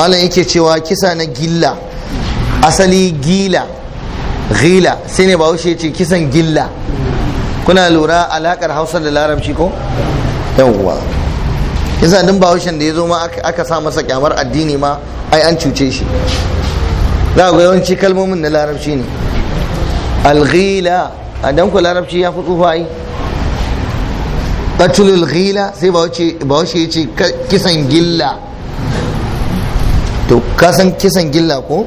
malam yake cewa kisa na gilla asali gila gila sai ne bahaushe ce kisan gilla kuna lura alaƙar hausa da larabci ko yawwa Kisa din bahaushen da ya zo ma aka sa masa kyamar addini ma ai an cuce shi za ga yawanci kalmomin na larabci ne alghila a danku larabci ya fi tsufa ai qatulul ghila sai bahaushe ya ce kisan gilla to kasan kisan gilla ko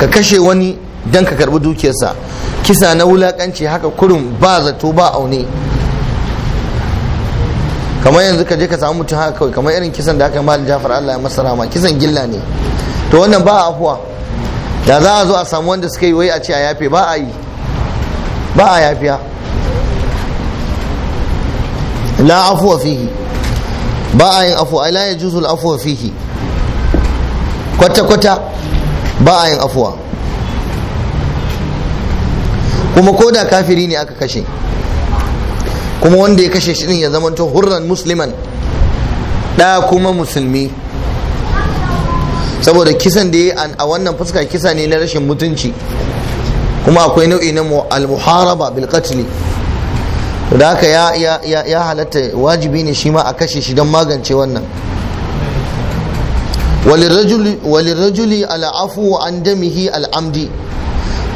ka kashe wani don ka karbi dukiyarsa kisa na wulakanci haka kurin ba zato ba aune kamar yanzu ka je ka samu mutum haka kawai kamar irin kisan da aka mal jafar allah ya masara ma kisan gilla ne to wannan ba afuwa da za a zo a samu wanda suka yi wai a ce a yafe ba a yi ba a yafiya la afuwa fihi ba a yin afuwa ila ya juzul afuwa fihi kwata-kwata ba a yin afuwa kuma ko da kafiri ne aka kashe kuma wanda ya kashe shi din ya zamanto hurran musliman da kuma musulmi saboda kisan da ya a wannan fuska kisa ne na rashin mutunci kuma akwai nau'i na al-muharaba bil da haka ya halatta wajibi ne shi ma a kashe shi don magance wannan walirajuli al'afu an damihi al'amdi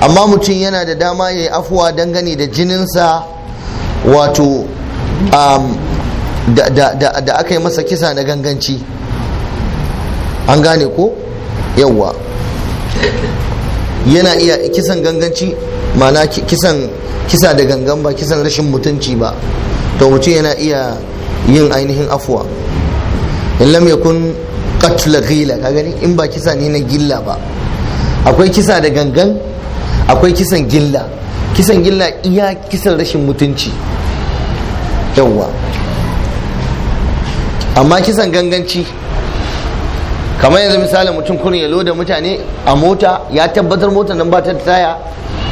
amma mutum yana da dama ya yi afuwa dangane da jininsa wato um, da aka yi masa kisa na ganganci an gane ko yawwa yana iya kisan ganganci mana kisan kisa da gangan ba kisan rashin mutunci ba to mutum yana iya yin ainihin afuwa in lam yakun qatl ghila ka gani in ba kisa ne na gilla ba akwai kisa da gangan akwai kisan gilla kisan gilla iya kisan rashin mutunci yawwa amma kisan ganganci kamar yanzu misali mutum kun ya loda mutane a mota ya tabbatar mota nan ba ta taya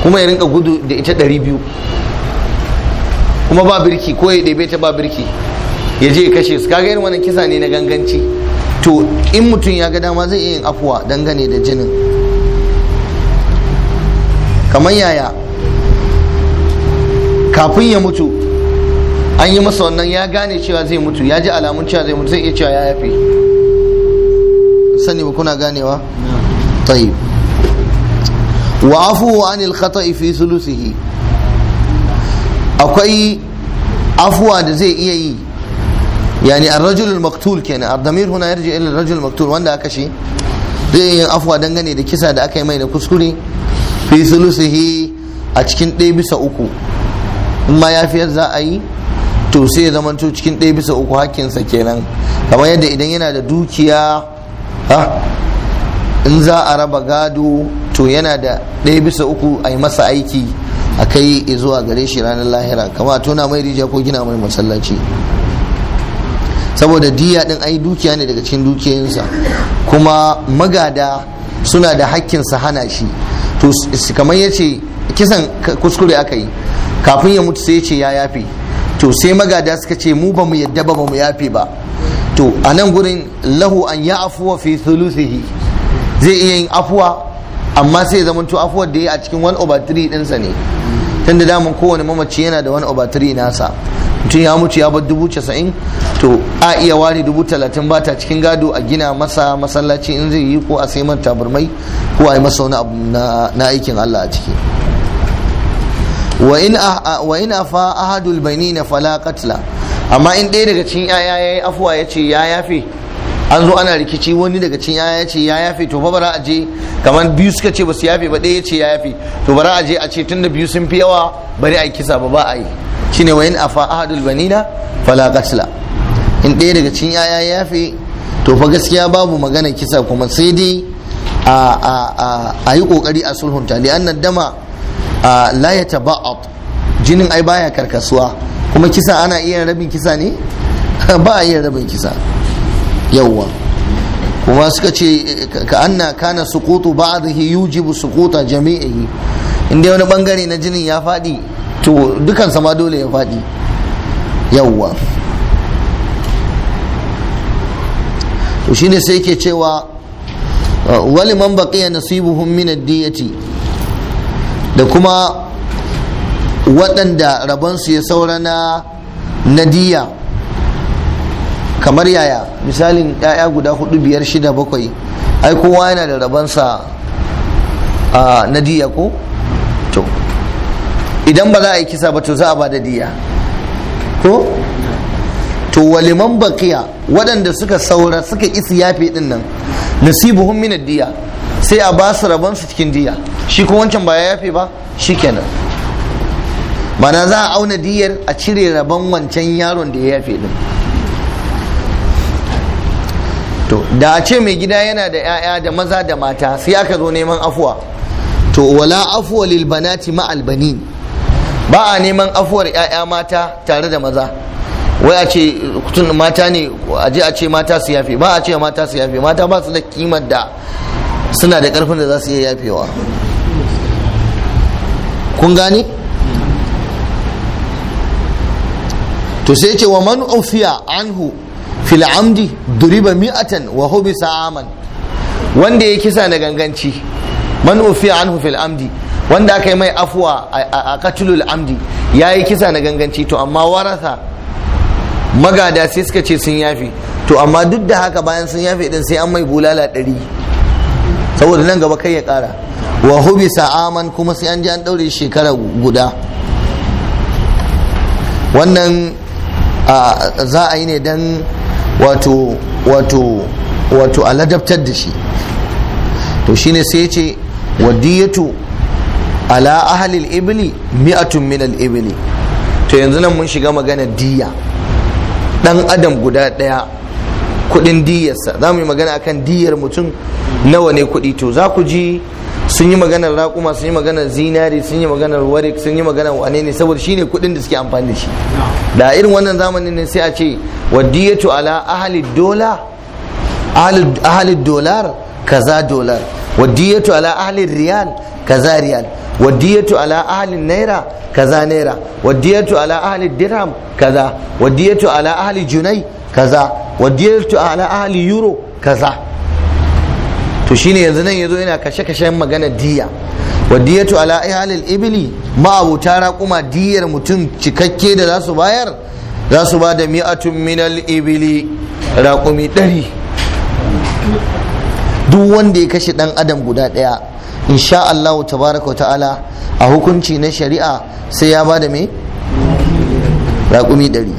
kuma ya rinka gudu da ita 200 kuma ba birki ko ya ɗebe ta ba birki ya je ya kashe su kaga irin wannan kisa ne na ganganci to in mutum ya ga dama zai iya yin afuwa dangane da jinin kamar yaya kafin ya mutu an yi masa wannan ya gane cewa zai mutu ya ji alamun cewa zai mutu zai iya cewa ya yafe sani ba kuna ganewa tayyib wa afuhu anil khata'i fi sulusihi akwai afuwa da zai iya yi yani ar-rajul maktul kenan ad-damir huna yarji ila ar-rajul maktul wanda aka shi zai yi afuwa dangane da kisa da aka yi mai da kuskure fi sulusihi a cikin ɗaya bisa uku in ma yafiyar za a yi to sai ya zamanto cikin ɗaya bisa uku hakkinsa kenan kamar yadda idan yana da dukiya in za a raba gado to yana da ɗaya bisa uku a yi masa aiki a kai zuwa gare shi ranar lahira kama tona mai rijiya ko gina mai masallaci saboda diya ɗin ai dukiya ne daga cikin dukiyoyinsa kuma magada suna da hakkin su hana shi to kamar ya ce kisan kuskure aka yi kafin ya mutu sai ya ce ya yafe to sai magada suka ce mu ba mu yadda ba mu yafe ba to a nan gurin lahu an ya afuwa fi thuluthihi zai iya yin afuwa amma sai zamanto afuwar da ya a cikin 1 over 3 dinsa ne tunda damun kowane mamaci yana da 1 over 3 nasa mutum ya mutu ya bar dubu casa'in to a iya ware dubu talatin ba ta cikin gado a gina masa masallaci in zai yi ko a sai man tabarmai ko a yi masa wani abu na aikin Allah a ciki wa in afa ahadul na fala qatla amma in ɗaya daga cikin yaya ya yi afuwa ce ya yafe an zo ana rikici wani daga cin yaya ce ya yafe to fa bara a je kamar biyu suka ce basu yafe ba ɗaya ce ya yafe to bara a je a ce tunda biyu sun fi yawa bari a yi kisa ba ba a yi shine wa in afa ahadul banina fala qatla in ɗaya daga cin yaya ya yafe to fa gaskiya babu magana kisa kuma sai dai a yi kokari a sulhunta li anna dama la yataba'at jinin ai baya karkasuwa kuma kisa ana iya rabin kisa ne ba a iya rabin kisa yawwa kuma suka ce ka anna kana yu jibu yujibu suquta jami'ihi inda wani bangare na jinin ya faɗi to dukan sama dole ya faɗi yawwa to shine sai ke cewa wali man baqiya nasibuhum min ad-diyati da kuma waɗanda rabansu ya saura na nadiya kamar yaya misalin 'ya'ya guda hudu biyar shida bakwai ai kowa yana da rabansa a na diya ko to idan ba za a yi kisa ba to za a ba da diya ko to waliman bakiya waɗanda suka saura suka isi yafe din nan nasibuhum min diya sai a ba su rabansu cikin diya shi ko wancan ba ya yafe ba shikenan mana za a auna diyar a cire rabon wancan yaron da ya yafe din to da a ce mai gida yana da 'ya'ya da maza da mata sai aka zo neman afuwa to wala afuwa lil banati ma albani ba a neman afuwar 'ya'ya mata tare da maza wai a ce kutun mata ne a je a ce mata su yafe ba a ce mata su yafe mata ba su da kimar da suna da karfin da za su iya yafewa kun gani to sai ce wa man ufiya anhu fil amdi duriba mi'atan wa hubi sa'aman wanda ya kisa na ganganci man ufiya anhu fil amdi wanda aka yi mai afuwa a katulul amdi ya yi kisa na ganganci to amma warasa magada sai suka ce sun yafe to amma duk da haka bayan sun yafe din sai an mai bulala ɗari saboda nan gaba kai ya kara, wa hubi sa'aman kuma sai an ji an ɗaure shekara guda wannan za a yi ne don wato wato wato a ladabtar da shi to shine sai ce wadiyatu ala ahalil ibili mi'atun minal ibili to yanzu nan mun shiga magana diya dan adam guda daya kudin diyarsa za mu yi magana akan diyar mutum nawa ne kudi to za ku ji sun yi maganar raƙuma sun yi maganar zinari sun yi maganar warik sun yi maganar wane ne saboda shine kuɗin da suke amfani da shi da irin wannan zamanin ne sai a ce wadiyatu ala ahli dola ahli dolar kaza dolar wadiyatu ala ahli riyal kaza riyal wadiyatu ala ahli naira kaza naira wadiyatu ala ahli dirham kaza wadiyatu ala ahli junai kaza wadiyatu ala ahli euro kaza to shine yanzu nan yazo yana kashe-kashen magana diya wadiyatu ala ihalil ibili ma'abuta raƙuma diyar mutum cikakke da za su bayar za su ba da mi'atun minal ibili raƙumi ɗari duk wanda ya kashe ɗan adam guda ɗaya insha Allah tabaraka wa ta'ala a hukunci na shari'a sai ya ba da me raƙumi ɗari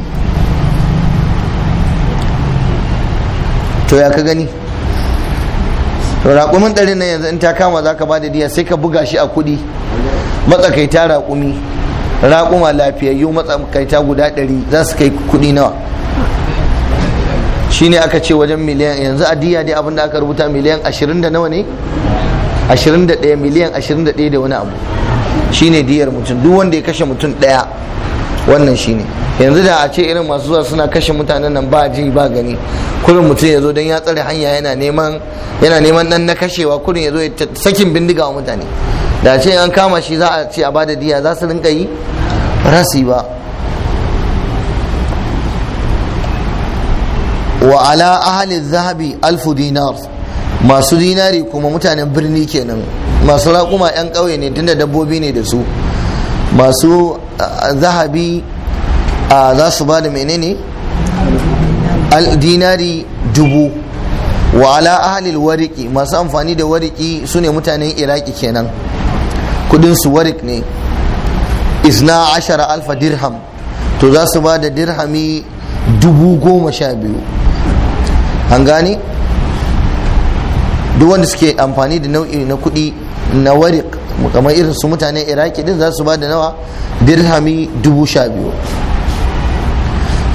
to ya ka gani to raƙumin ɗari na yanzu in ta kama za ka ba da diya sai ka buga shi a kuɗi matsakaita raƙumi raƙuma lafiyayyu matsakaita guda ɗari za su kai kuɗi nawa shi ne aka ce wajen miliyan yanzu a diya dai abinda aka rubuta miliyan ashirin da nawa ne ashirin da ɗaya miliyan ashirin da ɗaya da wani abu shi ne diyar mutum duk wanda ya kashe mutum ɗaya wannan shine yanzu da a ce irin masu zuwa suna kashe mutanen nan ba ji ba gani kurin mutum ya zo don ya tsare hanya yana neman yana neman na kashewa kurin ya zo ya sakin bindiga wa mutane da a ce an kama shi za a ce a bada diya za su rinka yi rasi ba wa ala ahalin zahabi alfu dinar masu dinari kuma mutanen birni kenan masu raƙuma 'yan ƙauye ne tunda dabbobi ne da su masu zahabi za su ba da menene dinari dubu wa ala ahalil wariki masu amfani da wariki su ne mutanen iraki kenan kudin su warik ne isna ashara alfa dirham to za su ba da dirhami dubu goma sha biyu an gane duk wanda suke amfani da nau'i na kudi na warik kamar irin su mutane iraki din za su ba da nawa dirhami dubu sha biyu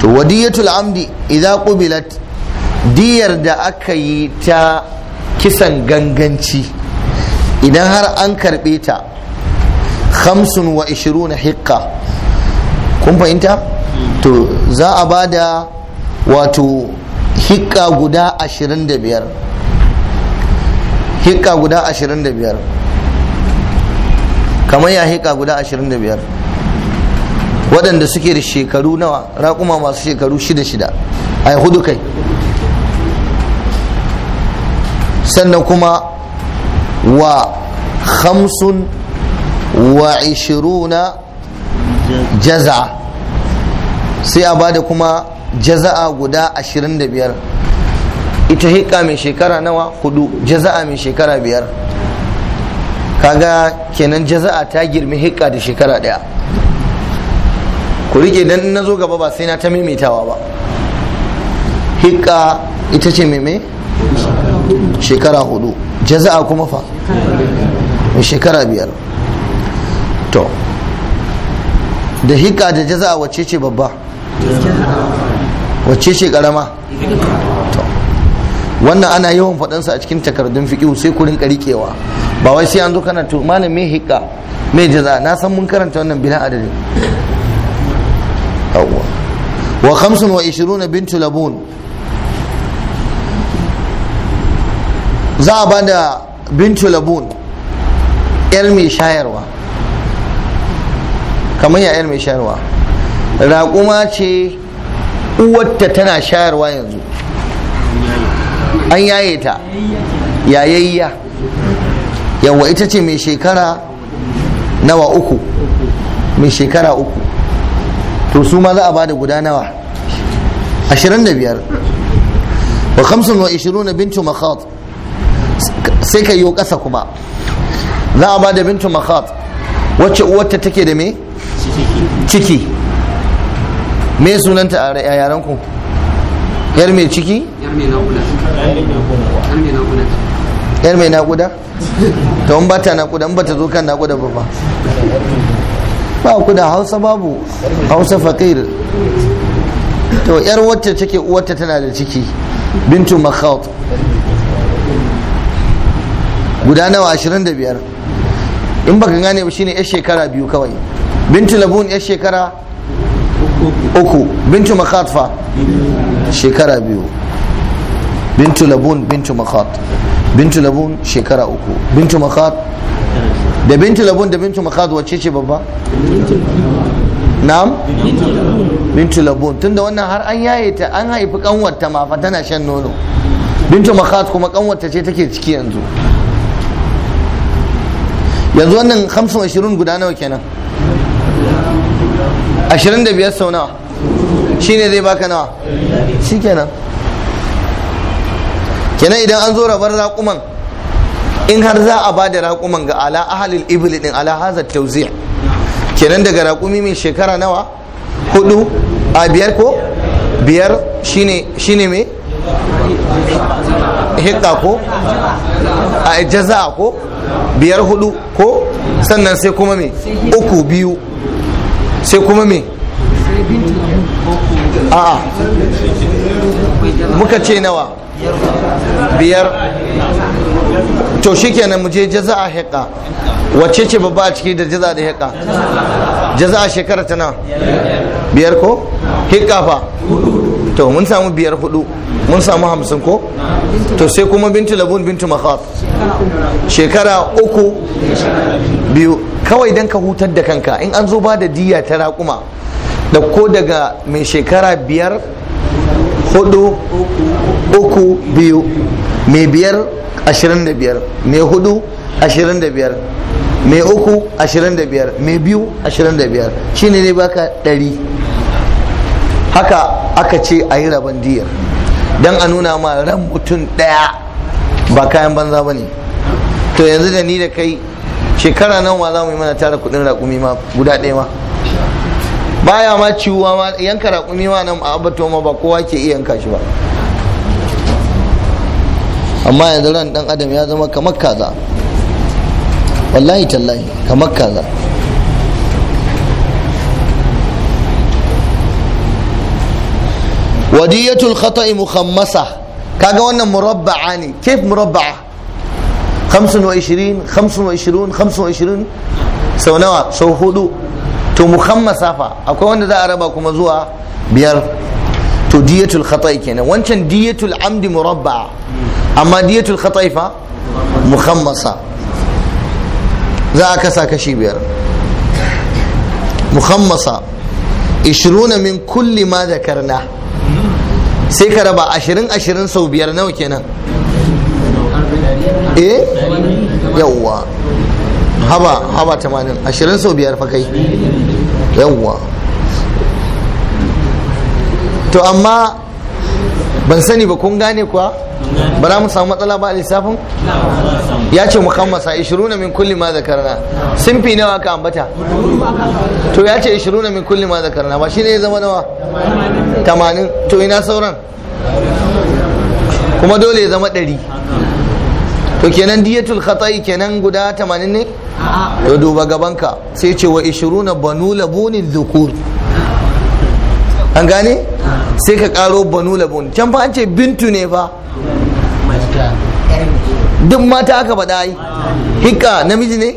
to wadiyatul amdi idza qubilat diyar da aka yi ta kisan ganganci idan har an karbe ta khamsun wa ishiruna hiqqa kun fahimta to za a ba da wato hiqqa guda ashirin da biyar hiqqa guda ashirin da biyar kamar ya heka guda 25 waɗanda suke da shekaru nawa raƙuma masu shekaru shida shida a hudu kai sannan kuma wa hamsun wa ishiruna jaza sai a bada kuma jaza'a guda 25 ita hika mai shekara nawa hudu jaza'a mai shekara biyar kaga kenan jaza'a ta girmi hikka da shekara daya ku rike dan na zo gaba ba sai na ta maimaitawa ba hikka ita ce meme shekara hudu jaza'a kuma fa shekara biyar to da hikka da jaza'a wacce ce babba wacce ce karama to wannan ana yawan faɗansa a cikin takardun fiƙihu sai kurin riƙewa ba wai sai an zo kana to malam mai hiƙa mai jaza na san mun karanta wannan bila adadin wa khamsun wa na bintu labun za a bada bintu labun yar mai shayarwa kamar yar mai shayarwa raƙuma ce uwarta tana shayarwa yanzu an yaye ta yayayya yawa ita ce mai shekara nawa uku mai shekara uku to su ma za a bada guda nawa 25 wa 25 bintu makhat sai ka yi ƙasa kuma za a bada bintu makhat wacce uwarta take da me ciki me sunanta a ku? yar mai ciki yar mai naƙuda ta in bata naƙuda in bata zo kan naƙuda ba ba ba ku da hausa babu hausa faƙir to yar wacce take uwarta tana da ciki bintu makhaut guda nawa 25 in baka gane ba shine yar shekara biyu kawai bintu labun yar shekara uku bintu makhat fa shekara biyu bintu labun bintu makhat bintu labun shekara uku bintu makhat da bintu labun da bintu makhat wacce ce babba na'am bintu labun tunda wannan har an yaye ta an haifi kanwarta ma fa tana shan nono bintu makhat kuma kanwarta ce take ciki yanzu yanzu wannan 25 guda nawa kenan ashirin da biyar sau nawa shine zai baka nawa shi kenan kenan idan an zo rabar raƙuman in har za a ba da raƙuman ga ala ahalil ibil din ala hazar tauziya kenan daga raƙumi mai shekara nawa hudu a biyar ko biyar shine mai hikka ko a jaza ko biyar hudu ko sannan sai kuma mai uku biyu sai kuma me a'a muka ce nawa biyar to shikenan mu je jaza'a hiqqa wacce ce babba a ciki da jaza da hiqqa jaza'a shekara tana biyar ko hiqqa fa to mun samu biyar hudu mun samu hamsin ko to sai kuma bintu labun bintu makhaf shekara uku biyu kawai don ka hutar da kanka in an zo ba da diya ta raƙuma da ko daga mai shekara biyar hudu uku biyu mai biyar ashirin da biyar mai hudu ashirin da biyar mai uku ashirin da biyar mai biyu ashirin da biyar shine ne baka ɗari haka aka ce a yi rabon diyar don a nuna ma ran mutum ɗaya ba kayan banza ba ne to yanzu da ni da kai shekara nan wa za mu yi mana tara kudin raƙumi ma guda ɗaya ma baya ma ciwuwa ma yanka raƙumi ma nan a abato ma ba kowa ke iya yanka shi ba amma yanzu ran ɗan adam ya zama kamar kaza wallahi tallahi kamar kaza wadiyatul khata'i mukhammasa kaga wannan murabba'a ne kif murabba'a 25 25 25 sau nawa sau hudu to mukhammasa fa akwai wanda za a raba kuma zuwa biyar to diyatul khata'i kenan wancan diyatul amdi murabba'a amma diyatul khata'i fa mukhammasa za a kasa kashi biyar mukhammasa 20 min kulli ma zakarna sai ka raba ashirin ashirin sau biyar nawa kenan eh yawwa haba haba tamanin ashirin sau biyar fa kai yawwa to amma ban sani ba kun gane kuwa ba za mu samu matsala ba a lissafin ya ce mukammasa 20 min kulli ma zakarna sinfi nawa ka ambata to ya ce 20 min kulli ma zakarna ba shine ya zama nawa 80 to ina sauran kuma dole ya zama 100 to kenan diyatul khata'i kenan guda 80 ne to duba gabanka sai ce wa 20 banu labunin dhukur an gane sai ka karo banu labun can fa an ce bintu ne fa duk mata aka faɗa yi hikka namiji ne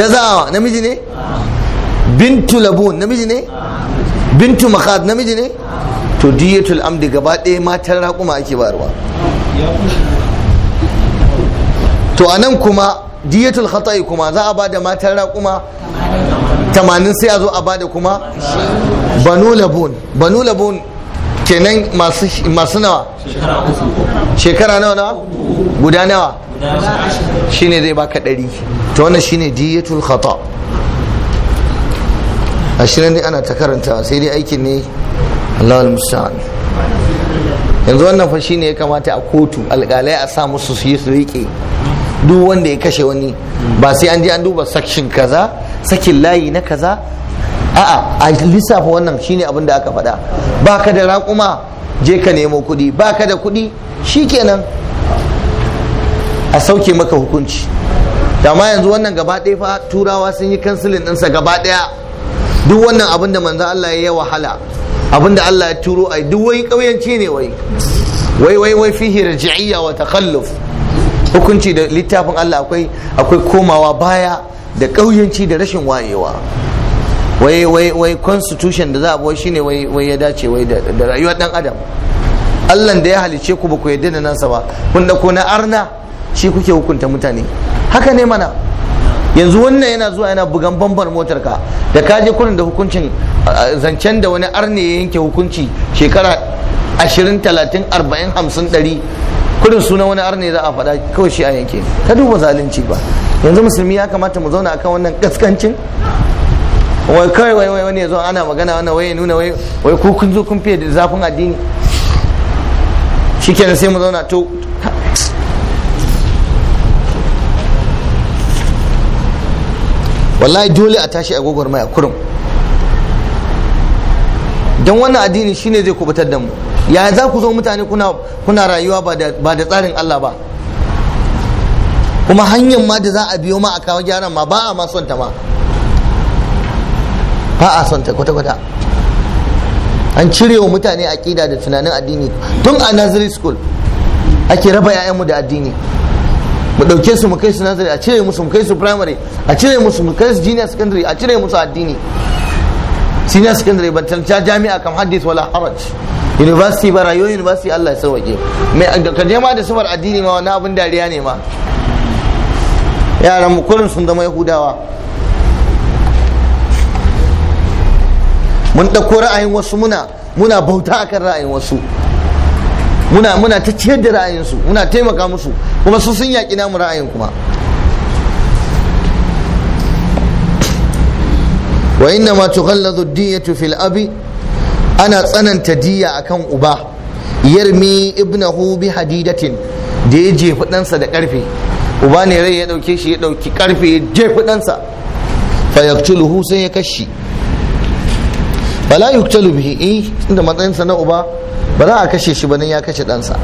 jazawa namiji ne bintu labun namiji ne bintu makhad namiji ne to diyatul amdi gaba ɗaya matan raƙuma ake barwa to a nan kuma diyatul khata'i kuma za a bada matan raƙuma tamanin sai a zo a bada kuma banu labun banu labun kenan masu nawa shekara nawa nawa guda nawa shine zai baka ɗari to wannan shine diyatul khata a shirin dai ana ta karanta sai dai aikin ne Allah al-musta'an yanzu wannan fa shine ya kamata a kotu alƙalai a sa musu su yi su riƙe duk wanda ya kashe wani ba sai an je an duba sakshin kaza sakin layi na kaza a'a a lissafa wannan shine abin da aka faɗa ba ka da raƙuma je ka nemo kuɗi ba ka da kuɗi shikenan a sauke maka hukunci dama yanzu wannan gaba ɗaya fa turawa sun yi kansilin ɗinsa gaba ɗaya duk wannan abin da manzo Allah ya yi wahala abin da Allah ya turo ai duk wai ƙauyanci ne wai wai wai wai fihi raj'iyya wa takhalluf hukunci da littafin Allah akwai akwai komawa baya da ƙauyanci da rashin wayewa wai wai wai constitution da za a shi shine wai wai ya dace wai da rayuwar dan adam Allah da ya halice ku ba ku yarda da nasa ba kun da na arna shi kuke hukunta mutane haka ne mana yanzu wannan yana zuwa yana bugan bambar motar ka da ka je kurin da hukuncin zancen da wani arne ya yanke hukunci shekara 20 30 40 50 kurin suna wani arne za a faɗa kawai shi a yanke ka duba zalunci ba yanzu musulmi ya kamata mu zauna akan wannan kaskancin wai kawai wai wai wani yazo ana magana wannan wai nuna wai wai ku kun zo kun fiye da zafin addini shikenan sai mu zauna to wallahi dole a tashi a a kurum don wannan addini shine zai kubutar da mu ya za ku zo mutane kuna rayuwa ba da tsarin Allah ba kuma hanyar ma da za a biyo ma a kawo gyaran ma ba a ma son ta ma ba a son ta kwata-kwata an cire wa mutane aƙida da tunanin addini tun a nursery school ake raba 'ya'yanmu da addini mu dauke su mu kai su nazari a cire musu mu kai su primary a cire musu mu kai su junior secondary a cire musu addini senior secondary ba ta jami'a kam hadith wala haraj university ba rayuwar university Allah ya sauke mai ka je ma da sabar addini ma wani abin dariya ne ma yaran mu kurin sun zama yahudawa mun ɗauko ra'ayin wasu muna muna bauta akan ra'ayin wasu muna muna ta ciyar da ra'ayinsu muna taimaka musu kuma su sun yaƙi namu ra'ayin kuma wa inna ma tughalladu diyatu fil abi ana tsananta diya akan uba yarmi ibnahu bi hadidatin da ya jefi ɗansa da ƙarfe uba ne rai ya ɗauke shi ya ɗauki ƙarfe ya jefi ɗansa fa yaqtuluhu sai ya kashi bala yuqtalu bihi eh, da matsayin sa na uba ba za a kashe shi ba nan ya kashe ɗansa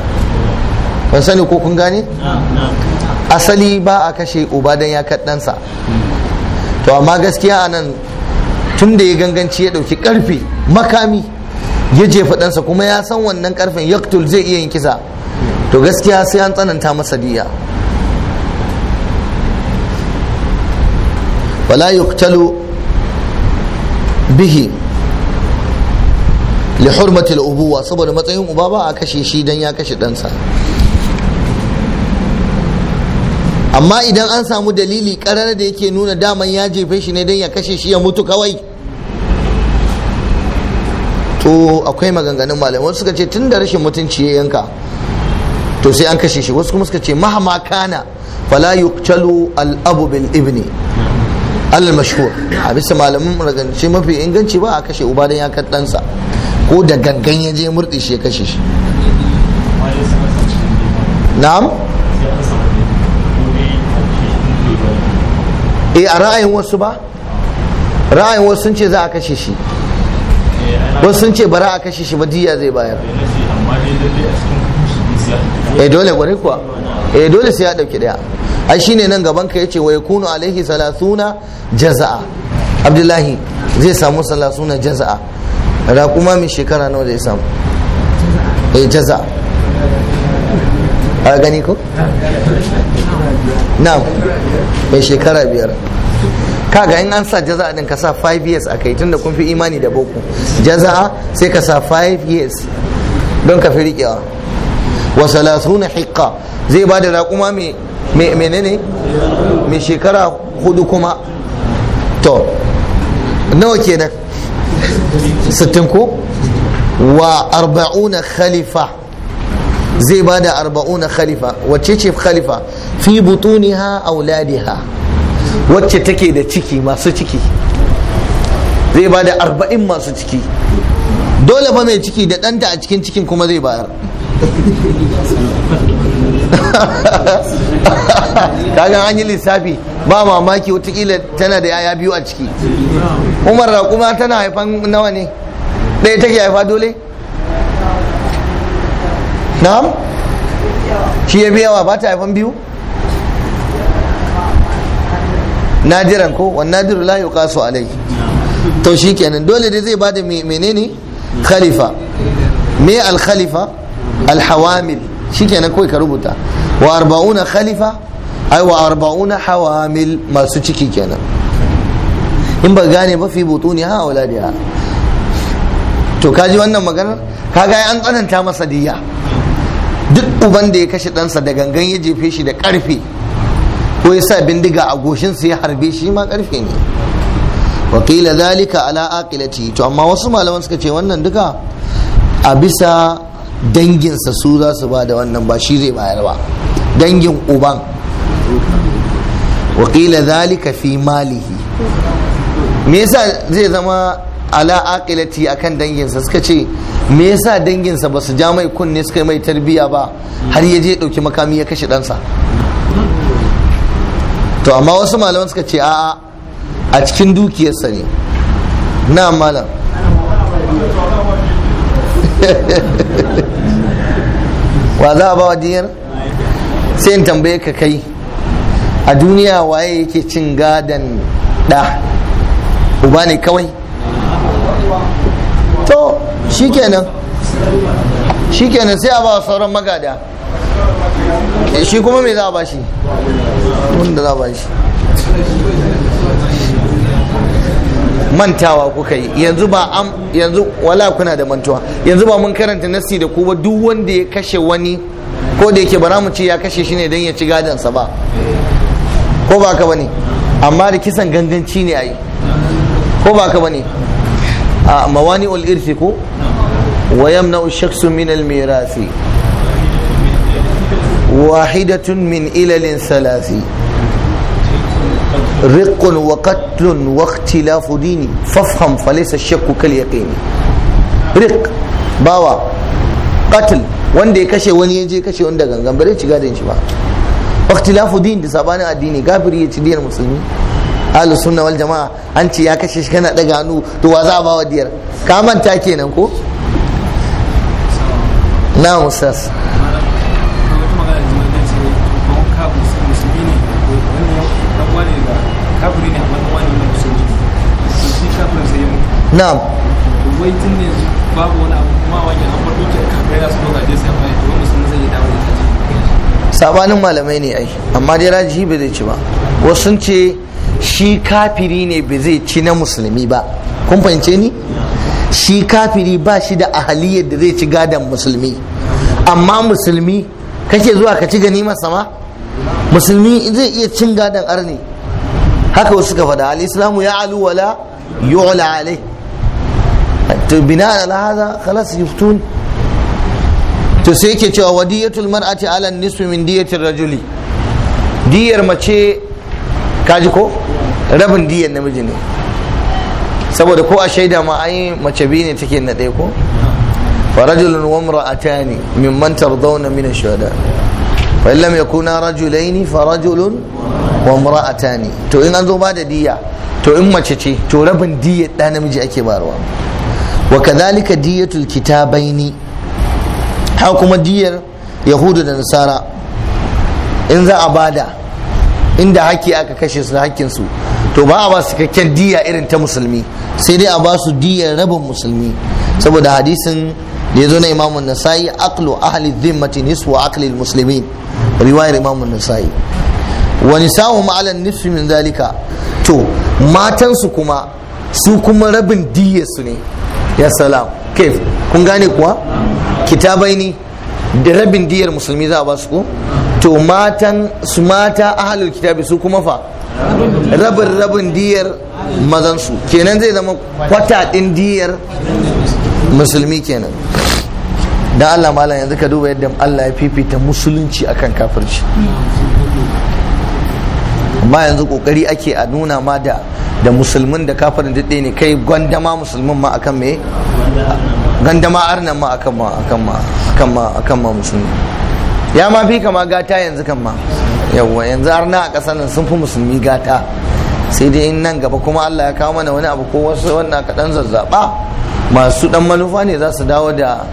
ban sani ko kun gane asali ba a kashe uba dan ya ɗansa to amma gaskiya a nan tun da ya ganganci ya ɗauki ƙarfe makami ya jefa ɗansa kuma ya san wannan ƙarfen yaktul zai iya yin kisa to gaskiya sai an tsananta masa diya wala yuqtalu bihi li hurmatil ubuwa saboda matsayin uba ba a kashe shi dan ya kashe ɗansa amma idan an samu dalili karar da yake nuna daman ya jefe shi ne dan ya kashe shi ya mutu kawai to akwai maganganun malamai wasu suka ce tun da rashin mutunci ya yanka to sai an kashe shi wasu kuma suka ce mahama kana fala yuqtalu al abu bil ibni al mashhur a bisa malamin ragance mafi inganci ba a kashe uba dan ya ɗansa ko da gangan ya je murɗi shi ya kashe shi na'am e a ra'ayin wasu ba ra'ayin wasu sun ce za a kashe shi wasu sun ce bara a kashe shi ba diya zai bayar e dole gwani kuwa e dole sai ya dauki daya ai shine nan gaban ka yace wa yakunu alaihi salasuna jaza'a abdullahi zai samu salasuna jaza'a kuma mai shekara nawa da ya samu eh jaza a gani ko? na mai shekara biyar kaga in an sa jaza din ka sa 5 years a kai tunda kun fi imani da boko Jaza sai ka sa 5 years don ka fi riƙewa wa salasuna hikka zai ba da raƙuma mai menene mai shekara hudu kuma to nawa kenan 60 ko wa arba'una khalifa zai bada da arba'una khalifa wacce ce khalifa fi butuniha auladiha wacce take da ciki masu ciki zai bada da arba'in masu ciki dole ba mai ciki da ɗanta a cikin cikin kuma zai bayar kagan an yi lissafi ba mamaki watakila tana da yaya biyu a ciki umar raƙuma tana haifan nawa ne ɗaya take haifa dole na'am shi ya biyawa ba ta haifan biyu nadiran ko wannan nadiru la yuqasu alai to kenan dole dai zai bada menene khalifa me al khalifa alhawamil shikenan kawai ka rubuta wa arba'una khalifa ai wa arba'una hawamil masu ciki kenan in ba gane ba fi butuni ha to kaji wannan maganar kaga an tsananta masa diya duk uban da ya kashe ɗansa da gangan ya jefe shi da ƙarfe ko ya sa bindiga a goshinsa ya harbe shi ma ƙarfe ne wakila zalika ala aqilati to amma wasu malaman suka ce wannan duka a bisa danginsa su za su ba da wannan ba shi zai bayar ba dangin uban wakila zalika fi malihi me yasa zai zama ala aqilati akan danginsa suka ce me yasa danginsa ba su ja mai kunne suka mai tarbiya ba har ya je dauki makami ya kashe ɗansa to amma wasu malaman suka ce a a cikin dukiyarsa ne na malam wa za a ba wa diyar sai in tambaye ka kai a duniya waye yake cin gadon da uba ne kawai to shikenan shikenan sai a ba sauran magada eh, shi kuma me za a ba shi wanda za a ba shi mantawa kuka yi yanzu ba am yanzu wala kuna da mantuwa yanzu ba mun karanta nassi da kuma duk wanda ya kashe wani ko da yake bara mu ce ya kashe shi ne don ya ci sa ba ko ba ka bane amma da kisan ganganci ne ai ko ba ka bane a mawani ul irthi ko wa yamna shakhsu min al mirasi wahidatun min ilalin salasi رق وقتل واختلاف ديني فافهم فليس الشك كاليقين رق باوا قتل wanda ya kashe wani ya je kashe wanda gangan bare ci gadon shi ba ikhtilafu din da sabanin addini gafiri ya ci diyar musulmi ahlus sunna wal jamaa an ce ya kashe shi kana daga hannu to wa za a bawa diyar ka manta kenan ko na musas na'am waitin ne babu wani abu kuma wajen an faɗo ke kakai da su doka je sai mai ruwan musulmi zai dawo da taji sabanin malamai ne ai amma dai rajihi bai zai ci ba wasu sun ce shi kafiri ne bai zai ci na musulmi ba kun fahimce ni shi kafiri ba shi da ahaliyar da zai ci gadon musulmi amma musulmi kake zuwa ka ci gani masa ma musulmi zai iya cin gadon arni haka wasu ka faɗa al-islamu ya alu wala yu'la alai to bina ala hadha khalas yuftun to sai yake cewa wadiyatul mar'ati ala nisfi min diyatir rajuli diyar mace kaji ko rabin diyar namiji ne saboda ko a shaida ma ai mace biyu ne take na ɗaya ko فرجل وامرأتان ممن ترضون من الشهداء وإن لم يكونا رجلين فرجل وامرأتان تو إن أنزو بعد دية تو إما تشي تو ربن دية أنا مجي أكي باروا wa kadhalika diyatul kitabaini Haka kuma diyar yahudu da nasara in za a bada inda haƙƙi aka kashe su hakkin su to ba a ba su cikakken diya irin ta musulmi sai dai a ba su diyar rabin musulmi saboda hadisin da ya zo na imamu nasa'i aqlu ahli dhimmati nisfu aqli muslimin riwayar imamu nasa'i wa nisa'uhum ala nisfi min zalika to matansu kuma su kuma rabin diyar su ne ya salam kaif kun gane kuwa kitabai ne da rabin diyar musulmi za a ba su ko to matan su mata ahalul kitabi su kuma fa rabin rabin diyar mazansu kenan zai zama kwata din diyar musulmi kenan da Allah malam yanzu ka duba yadda Allah ya fifita musulunci akan kafirci amma yanzu kokari ake a nuna ma da da musulmin da kafirin duk ne kai gwandama musulmin ma akan me gandama arnan ma akan ma akan ma akan ma akan ma musulmi ya ma fi kama gata yanzu kan ma yawwa yanzu arna a ƙasar nan sun fi musulmi gata sai dai in nan gaba kuma Allah ya kawo mana wani abu ko wasu wannan kaɗan zazzaba. masu ɗan manufa ne za su dawo da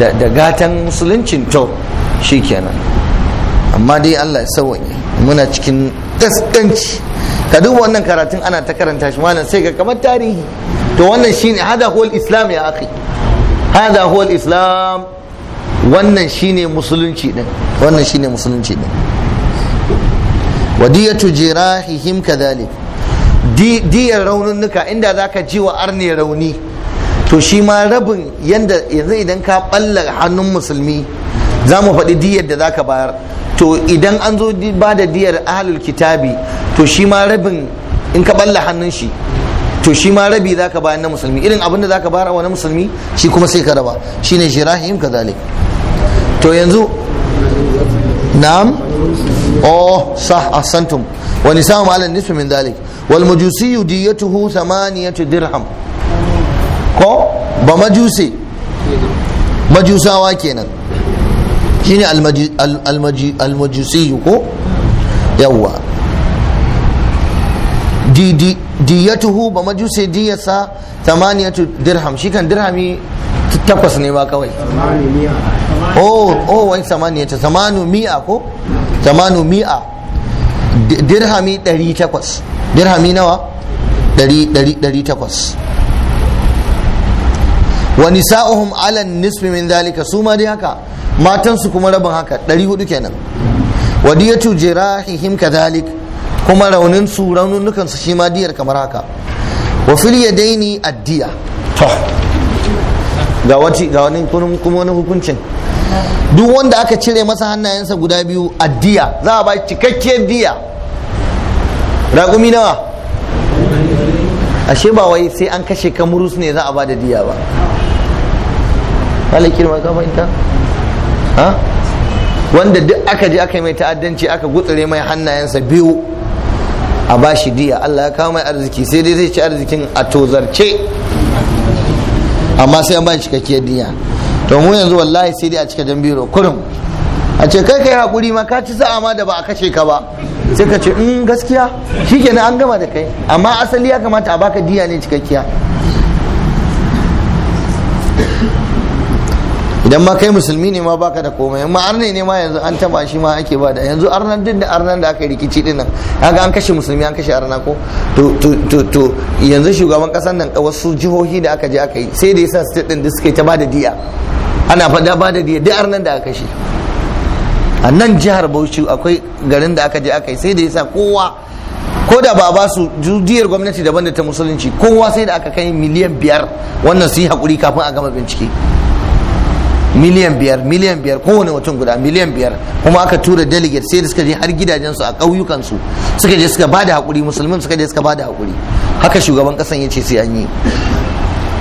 da gatan musuluncin to shikenan amma dai Allah ya sauwaye muna cikin ƙasƙanci ka duba wannan karatun ana ta karanta shi Wannan sai ga kamar tarihi to wannan shine hada huwal islam ya akhi hada huwal islam wannan shine musulunci din wannan shine musulunci din wadiyatu jirahihim kadhalik diyar raununuka inda zaka ji wa arne rauni to shi ma rabin yanda yanzu idan ka balla hannun musulmi za mu faɗi diyar da zaka bayar to idan an zo ba da diyar ahlul kitabi to shi ma rabin in ka balla hannun shi to shi ma rabi ka bayar na musulmi irin abin da ka bayar wa na musulmi shi kuma sai ka raba Shi ne shirahim kadhalik to yanzu na'am oh sah ahsantum wa nisa'um ala nisfi min dhalik wal majusi diyatuhu thamaniyatu dirham ko ba majusi majusawa kenan shine almajusiyu ko yawwa diyatuhu ba majusi diyasa tamaniyatu dirham shi kan dirhami takwas ne ba kawai oh oh wani samaniyata samanu mi'a ko samanu mi'a dirhami ɗari takwas dirhami nawa ɗari takwas Wani nisa'uhum alan nisfi min zalika su ma dai haka matansu kuma rabin haka 400 kenan wadiyatu jirahihim kadhalik kuma raunin su raunin su shi ma diyar kamar haka wa fil yadaini addiya to ga wati ga wani kuma wani hukuncin duk wanda aka cire masa hannayensa guda biyu addiya za a ba cikakkiyar diya raƙumi nawa ashe ba wai sai an kashe kamurus ne za a ba da diya ba alaikir ma ka fahimta wanda duk aka je aka yi mai ta'addanci aka gutsure mai hannayensa biyu a bashi diya Allah ya kawo mai arziki sai dai zai ci arzikin a tozarce amma sai an ba cikakkiyar diya to mu yanzu wallahi sai dai a cika jan biro kurum a ce kai kai hakuri ma ka ci sa'a ma da ba a kashe ka ba sai ka ce in mm, gaskiya shikenan an gama da kai amma asali ya kamata a baka diya ne cikakkiya idan ma kai musulmi ne ma baka da komai amma arne ne ma yanzu an taba shi ma ake ba da yanzu arnan din da arnan da aka yi rikici din nan kaga an kashe musulmi an kashe arna ko to to to yanzu shugaban kasan nan wasu jihohi da aka je aka yi sai da yasa state din da suka ta bada diya ana fada bada diya duk arnan da aka kashe a nan jihar Bauchi akwai garin da aka je aka yi sai da yasa kowa ko da ba ba su jujiyar gwamnati daban da ta musulunci kowa sai da aka kai miliyan biyar wannan su yi haƙuri kafin a gama bincike miliyan biyar miliyan biyar kowane mutum guda miliyan biyar kuma aka tura delegate sai da suka je har gidajensu a ƙauyukansu suka je suka bada hakuri musulmin suka je suka bada hakuri haka shugaban kasan ya ce sai an yi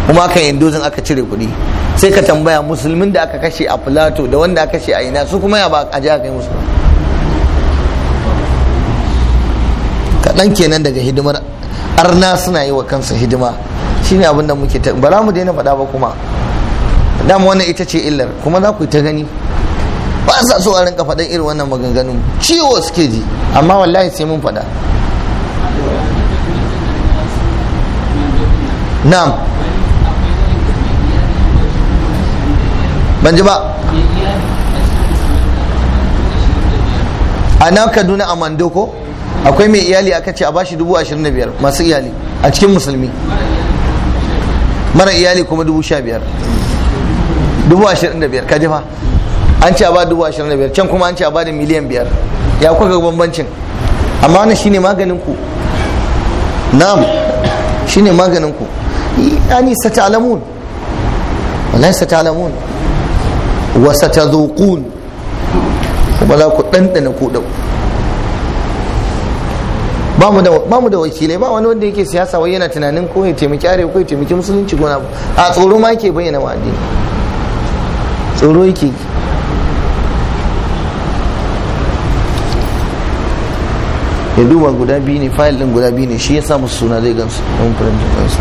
kuma aka dozin aka cire kuɗi sai ka tambaya musulmin da aka kashe a plato da wanda aka kashe a ina su kuma ya ba a jiha kai musu kaɗan kenan daga hidimar arna suna yi wa kansa hidima shine abin da muke ta ba mu daina faɗa ba kuma dama wannan ita ce illar kuma za ku yi ta gani ba sa so a rinka faɗin irin wannan maganganun ciwo suke ji amma wallahi sai mun faɗa na'am ban ji ba a nan kaduna a mandoko akwai mai iyali aka ce a bashi dubu ashirin da biyar masu iyali a cikin musulmi mara iyali kuma dubu sha biyar dubu ashirin da biyar kaji fa an ce a ba dubu ashirin da biyar can kuma an ce a ba da miliyan biyar ya kuka bambancin amma wannan shine maganin ku na'am shine maganin ku yani sata'lamun wallahi sata'lamun wa satadhuqun kuma za ku dandana ku da ba mu da wakilai ba wani wanda yake siyasa wai yana tunanin ko ya taimaki arewa ko ya taimaki musulunci ko na a tsoro ma yake bayyana wa addini tsoro yake ya duba guda biyu ne fayil din guda biyu ne shi ya sa musu suna zai gansu don firintin ɗansu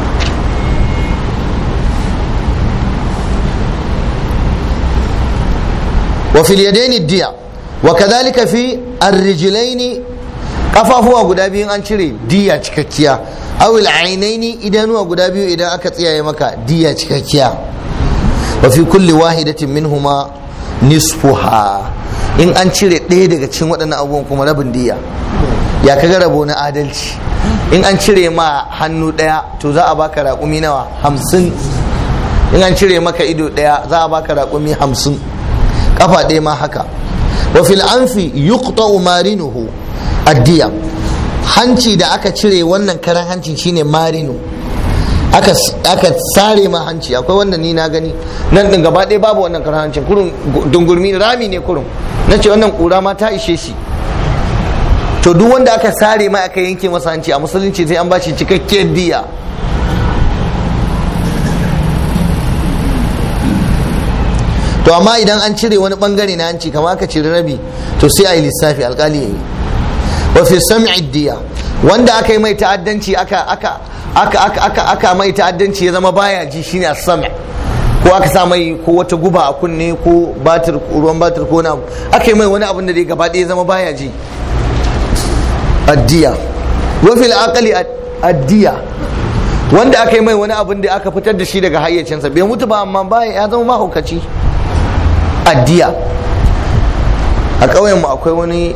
wa filiyadaini diya wa kadhalika fi arrijilaini kafafuwa guda biyu an cire diya cikakkiya awil ainaini idanuwa guda biyu idan aka tsiyaye maka diya cikakkiya wa fi kulli wahidatin minhuma nisfuha in an cire ɗaya daga cikin waɗannan abubuwan kuma rabin diya ya kaga rabo na adalci in an cire ma hannu ɗaya to za a baka raƙumi nawa hamsin in an cire maka ido ɗaya za a baka raƙumi hamsin kafa ɗaya ma haka wa fil anfi yuqta'u marinuhu addiya hanci da aka cire wannan karan hancin shine marinu aka sare ma hanci akwai wanda ni na gani nan din gaba ɗaya babu wannan kar hancin kurun dungurmi rami ne kurun na ce wannan kura ma ta ishe shi to duk wanda aka sare ma aka yanke masa hanci a musulunci sai an ba shi cikakkiyar diya to amma idan an cire wani bangare na hanci kama aka cire rabi to sai a yi lissafi alkali ya yi diya wanda aka yi mai ta'addanci aka mai ta'addanci ya zama baya ji shine a sami ko aka sa mai ko wata guba a kunne ko ruwan batir ko na aka yi mai wani abin da dai gaba ɗaya zama baya ji addiya wafi al'akali addiya wanda aka yi mai wani abin da aka fitar da shi daga hayyacinsa bai mutu ba amma baya ya zama mahaukaci addiya a ƙauyenmu akwai wani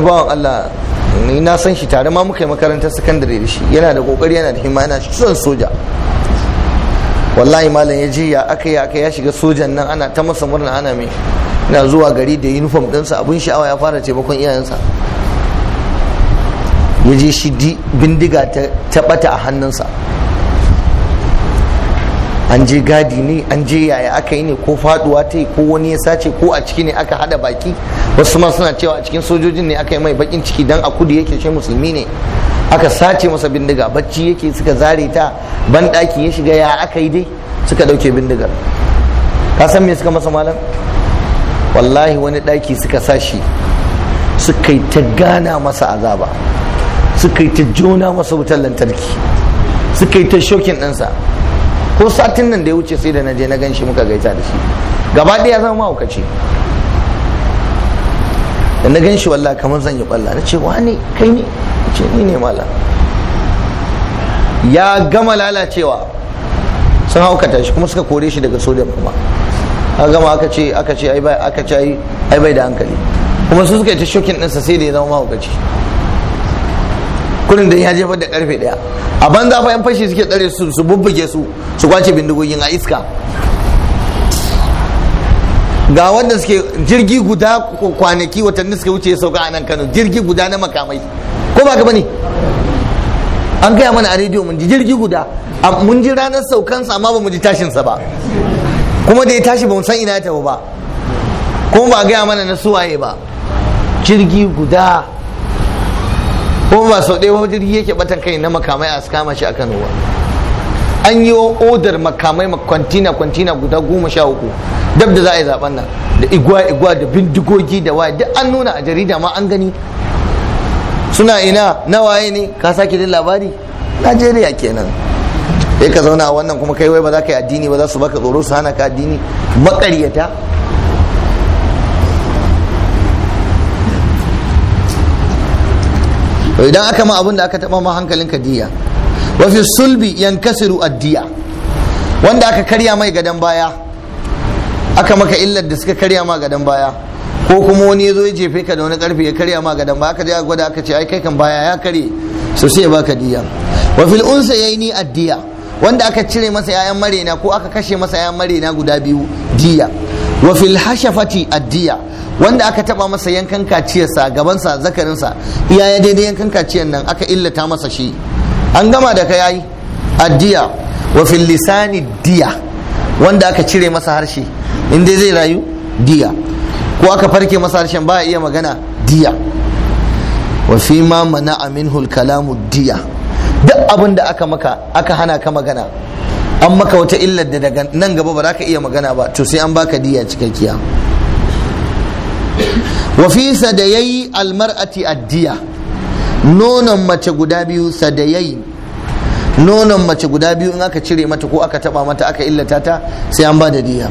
bawan Allah ni na san shi tare ma muka yi makarantar sakandare da shi yana da kokari yana da himma yana son soja wallahi malam ya je ya aka ya aka ya shiga sojan nan ana ta masa murna ana mai yana zuwa gari da uniform dinsa abun sha'awa ya fara taimakon iyayensa ya je shi bindiga ta bata a hannunsa an je gadi ne an je yaya aka yi ne ko faduwa ta yi ko wani ya sace ko a ciki ne aka hada baki wasu ma suna cewa a cikin sojojin ne aka yi mai bakin ciki dan a kudu yake shi musulmi ne aka sace masa bindiga bacci yake suka zare ta ban daki ya shiga ya aka yi dai suka dauke bindigar ka san me suka masa malam wallahi wani daki suka sashi suka yi ta gana masa azaba suka yi ta jona masa wutar lantarki suka yi ta shokin ɗansa ko satin nan da ya wuce sai da na je na gan shi muka gaisa da shi gaba ɗaya zama mahaukaci da na gan shi wallah kamar zan yi balla na ce wani kai ne ce ni ne mala ya gama lalacewa sun haukata shi kuma suka kore shi daga sojan kuma a gama aka ce aka ce aibai, aka ce ai bai da hankali kuma su suka yi ta shokin ɗinsa sai da ya zama mahaukaci kurin da ya jefar da karfe daya a banza fa yan fashi suke tsare su su bubbuge su su kwace bindigogin a iska ga wanda suke jirgi guda kwanaki watanni suka wuce sauka a nan Kano jirgi guda na makamai ko ba ka bane an gaya mana a rediyo mun ji jirgi guda mun ji ranar saukansa amma ba mu ji tashinsa ba kuma da ya tashi ba mu san ina ya tafi ba kuma ba a gaya mana na suwaye ba jirgi guda kuma ba sau ɗaya jirgi yake batan kai na makamai a kama shi a kano ba an yi odar makamai kwantina kwantina guda goma sha uku dab da za a yi zaben nan da igwa igwa da bindigogi da waya duk an nuna a jarida ma an gani suna ina na waye ne ka sake da labari najeriya kenan sai ka zauna a wannan kuma kai wai ba za ka yi addini ba za su baka tsoro su hana ka addini maƙaryata to idan aka ma abin da aka taba ma hankalin ka diya wa fi sulbi yankasiru addiya wanda aka karya mai gadan baya aka maka illar da suka karya ma gadan baya ko kuma wani ya zo ya jefe ka da wani karfi ya karya ma gadan baya aka je gwada aka ce ai kai kan baya ya kare so sai ya baka diya wa fil unsa yayni addiya wanda aka cire masa yayan marena ko aka kashe masa yayan marena guda biyu diya wa fil hashafati addiya wanda aka taba masa yankan kaciyarsa gabansa zakarinsa iya ya daidai yankan kaciyar nan aka illata masa shi an gama da kai yayi addiya wa fil lisani diya wanda aka cire masa harshe in dai zai rayu diya ko aka farke masa harshen ba iya magana diya wa fi ma mana aminhul kalamu diya duk abin da aka maka aka hana ka magana an maka wata illar da daga nan gaba ba za ka iya magana ba to sai an baka diya cikakkiya wafi sadayai almar'ati addiya nonon mace guda biyu sadayai nonon mace guda biyu in aka cire mata ko aka taba mata aka illata ta sai an ba da diya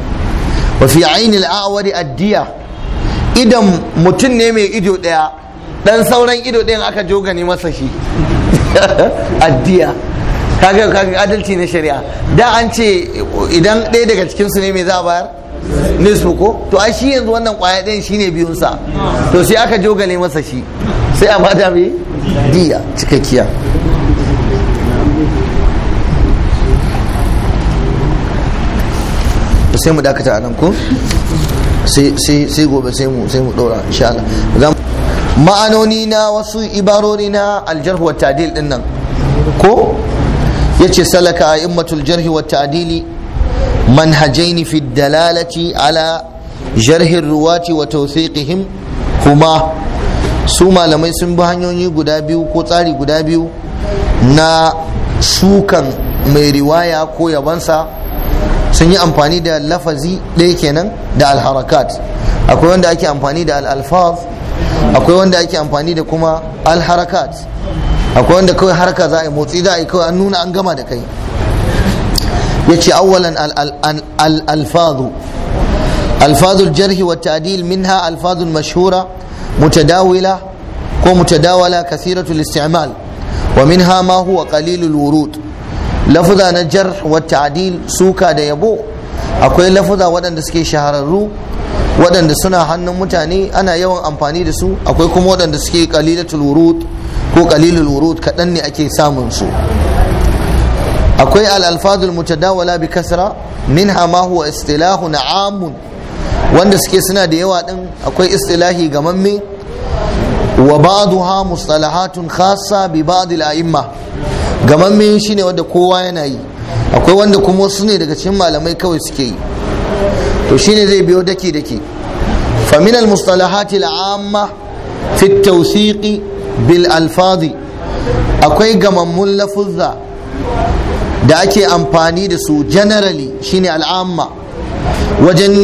wafi ainil a'wari addiya idan mutum ne mai ido daya dan sauran ido ɗayan aka jogane masa shi addiya kaga kaga adalci na shari'a da an ce idan ɗaya daga cikin su ne mai za a bayar nisfu ko to ai shi yanzu wannan kwaya shi ne biyun sa to sai aka jogale masa shi sai a bada mai diya cikakkiya sai mu dakata a nan ko sai gobe sai mu sai mu dora insha Allah ma'anoni na wasu ibarori na aljarhu wa tadil din nan ko yace salaka immatul jarhi wa ta'dili manhajaini fi dalalati ala jarhin ruwati wa tawthiqihim kuma su malamai sun bi hanyoyi guda biyu ko tsari guda biyu na sukan mai riwaya ko yabansa sun yi amfani da lafazi ɗaya kenan da alharakat akwai wanda ake amfani da al akwai wanda ake amfani da kuma alharakat akwai wanda kawai harka za a yi motsi za a yi kawai an nuna an gama da kai ya ce awwalan alfazu alfazul jarhi wa ta'dil minha alfazu mashhura mutadawila ko mutadawala kasiratul isti'mal wa minha ma huwa qalilul wurud lafuza na jarh wa ta'dil suka da yabo akwai lafuza waɗanda suke shahararru waɗanda suna hannun mutane ana yawan amfani da su akwai kuma waɗanda suke qalilatul wurud ko kalilul wurud kaɗan ne ake samun su akwai alalfazul mutadawala bi kasra minha ma huwa na amun wanda suke suna da yawa ɗin akwai istilahi gamamme wa ba'daha mustalahatun khassa bi ba'd al-a'imma gamamme shine wanda kowa yana yi akwai wanda kuma su ne daga cikin malamai kawai suke yi to shine zai biyo dake dake fa min al-mustalahati al-amma fi at bil alfazi akwai gamammun lafuzza da ake amfani da su generally shine al'amma wajen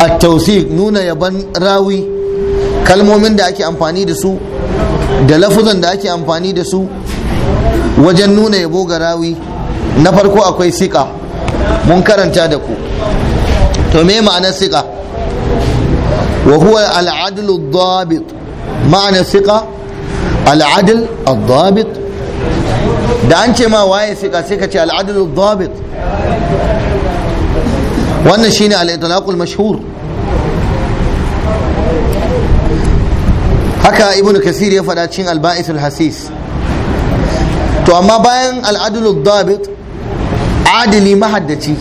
at-tawsiq nuna yaban rawi kalmomin da ake amfani da su da lafuzan da ake amfani da su wajen nuna yabo ga rawi na farko akwai siƙa mun karanta da ku to me ma'anar siƙa wa huwa al'adlu dhabit ma'anar siƙa al'adil al-dhabit da an ce ma waye sika sai ka ce al'adil al-dhabit wannan shine al-itlaqul mashhur haka ibn kasir ya fada cin al-ba'is al-hasis to amma bayan al'adil al-dhabit adili mahaddaci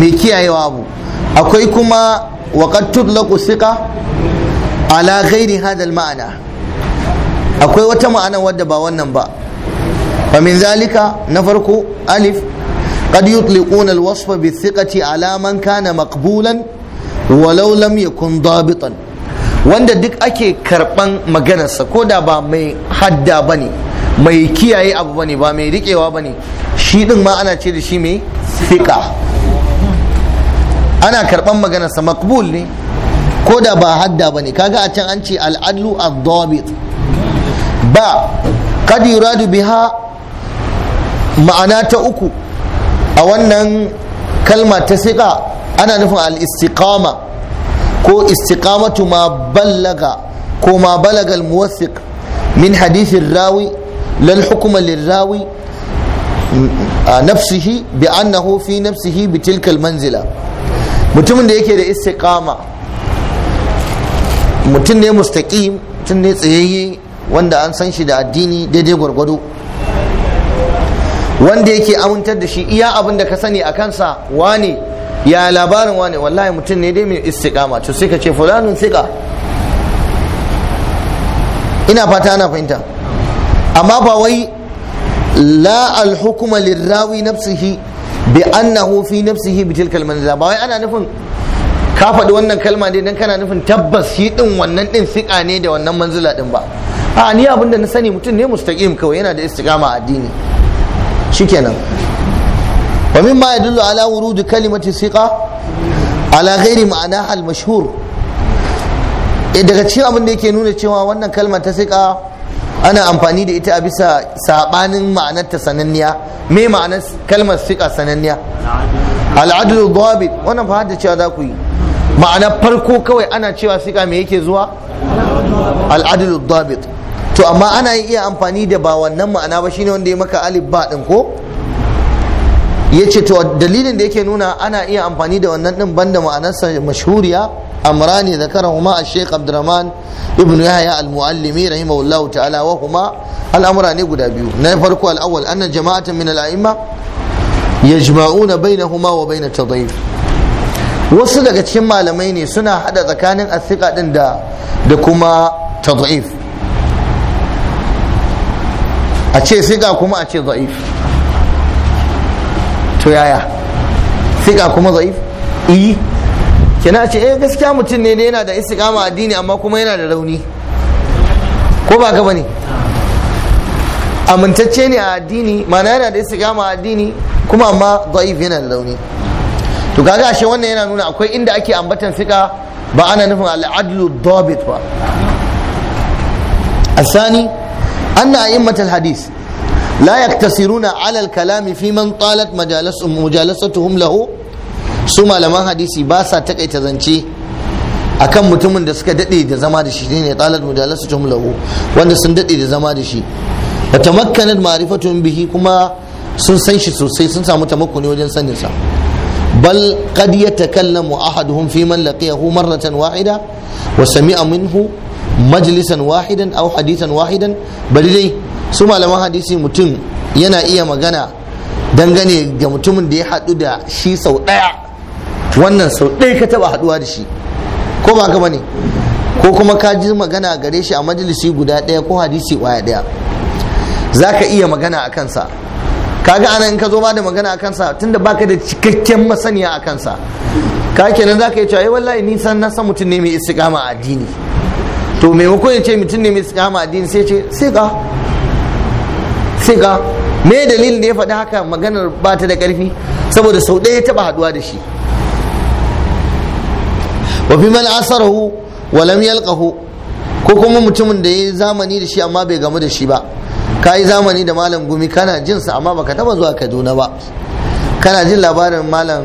mai kiyayewa abu akwai kuma waqad tutlaqu siqa ala ghairi hadal ma'ana akwai wata ma'ana wadda ba wannan ba fa min zalika na farko alif qad yutliquna alwasfa bi thiqati ala man kana maqbulan walau lam yakun wanda duk ake karban maganarsa ko da ba mai hadda bane mai kiyaye abu bane ba mai rikewa bane shi din ma ana ce da shi mai thiqa ana karban maganarsa maqbul ne ko da ba hadda bane kaga a can an ce al'adlu ad-dabit ba kad yuradu biha ma'ana ta uku a wannan kalma ta siƙa ana nufin al-istiqama ko istiqamatu ma ballaga ko ma balaga al min hadithin rawi lal hukuma lirrawi nafsihi bi annahu fi nafsihi bi tilkal manzila mutumin da yake da istiqama mutum ne mustaqim mutum ne tsayayye wanda an san shi da addini daidai gwargwado wanda yake amintar da shi iya abin da ka sani a kansa wane ya labarin wane wallahi mutum ne dai mai istiqama to sai ka ce fulanin thiqa ina fata ana fahimta amma ba wai la alhukuma lirrawi nafsihi bi annahu fi nafsihi bi tilkal manzila ba wai ana nufin ka faɗi wannan kalma dai dan kana nufin tabbas shi din wannan din siƙa ne da wannan manzila din ba a ni abin da na sani mutum ne mustaqim kawai yana da istiqama addini shikenan wa min mimma yadullu ala wurud kalimati siqa ala ghairi ma'ana al mashhur eh, daga cikin abin da yake nuna cewa wannan kalmar ta siqa ana amfani da ita a bisa sabanin ma'anar ta sananniya me ma'anar kalmar siqa sananniya al'adlu dhabit wannan fa da cewa za ku yi ma'anar farko kawai ana cewa siqa me yake zuwa al'adlu dhabit to amma ana iya amfani da ba wannan ma'ana ba shine wanda ya maka alif ba din ko ya ce to dalilin da yake nuna ana iya amfani da wannan din banda ma'anarsa mashhuriya amrani zakarahuma al-sheikh abdurrahman ibn yahya al-muallimi rahimahullahu ta'ala wa huma al'amura ne guda biyu na farko al anna jama'atan min al-a'imma yajma'una bainahuma wa bain at-tadhif wasu daga cikin malamai ne suna hada tsakanin asiqa din da da kuma tadhif a ce siga kuma a ce za'if to yaya siga kuma za'if iyi e. kina ce eh gaskiya mutum ne da yana da istiqama addini amma kuma yana da rauni ko ba ka bane amintacce ne a addini mana yana da istiqama a addini kuma amma za'if yana da rauni to kaga ashe wannan yana nuna akwai inda ake ambatan siga ba ana nufin al'adlu dabit ba asani anna a'immatul hadith la yaktasiruna ala al-kalam fi man talat mujalasatuhum lahu su malaman hadisi ba sa takaita zance akan mutumin da suka daɗe da zama da shi ne talat mujalasatuhum lahu wanda sun dade da zama da shi wa tamakkanat ma'rifatun bihi kuma sun san sosai sun samu tamakkuni wajen sanin sa بل قد يتكلم احدهم في من لقيه مره واحده وسمع منه majalisan wahidan au hadisan wahidan bari dai su malaman hadisi mutum yana iya magana dangane ga mutumin da ya haɗu da shi sau ɗaya wannan sau ɗaya ka taɓa haɗuwa da shi ko ba ka bane ko kuma ka ji magana gare shi a majalisi guda ɗaya ko hadisi ƙwaya ɗaya za ka iya magana a kansa kaga ana in ka zo ma da magana a kansa tunda baka da cikakken masaniya a kansa ka kenan za ka yi cewa eh, wallahi nisan na san mutum ne mai a addini to maimakon ya ce mutum ne mai kama addini sai ce siga siga me dalilin da ya faɗi haka maganar ba ta da ƙarfi saboda sau ɗaya ya taɓa haɗuwa da shi wafi fi man asarahu wa lam yalqahu ko kuma mutumin da ya yi zamani da shi amma bai gamu da shi ba ka yi zamani da malam gumi kana jinsa amma baka taɓa zuwa kaduna ba kana jin labarin malam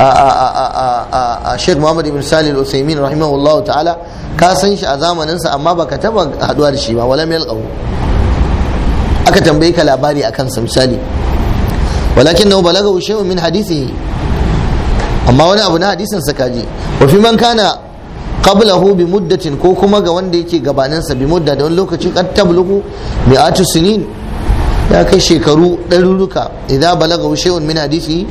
a Sheikh Muhammad ibn Salih al-Usaimin rahimahullahu ta'ala ka san shi a zamaninsa amma baka taba haduwa da shi ba walam yalqahu aka tambayi ka labari akan sa misali walakin nahu balaga shay'un min hadisihi amma wani abu na hadisin sa kaji wa fi man kana qablahu bi muddatin ko kuma ga wanda yake gabanin sa bi mudda da wani lokaci kan tablughu mi'atu sinin ya kai shekaru ɗaruruka idan balaga shay'un min hadisihi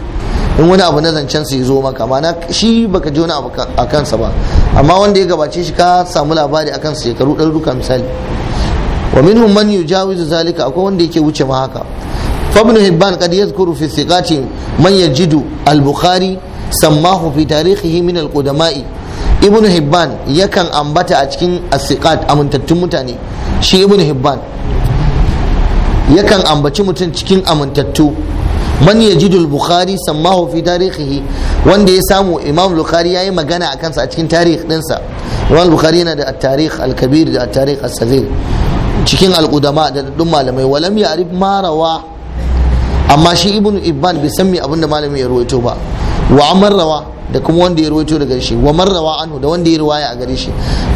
in wani abu na zancen su zo maka mana shi baka ji wani abu a kansa ba amma wanda ya gabace shi ka samu labari a kansa ya shekaru ɗaruruka misali wa minhum man yujawizu zalika akwai wanda yake wuce ma haka فابن هبان قد يذكر في الثقات من يجد البخاري سماه في تاريخه من القدماء ابن هبان ambata a cikin الثقات amintattun mutane shi ابن hibban yakan ambaci mutum cikin amintattu man yajidu al-bukhari sammahu fi tarihihi wanda ya samu imam bukhari yayi magana a kansa a cikin tarih dinsa imam bukhari yana da at-tarikh al da at-tarikh as cikin al'udama da duddun malamai walam ya'rif ma rawa amma shi Ibn ibban bai san me abin da malamin ya ruwaito ba wa amar rawa da kuma wanda ya ruwaito daga shi wa man rawa anhu da wanda ya riwaya a gare shi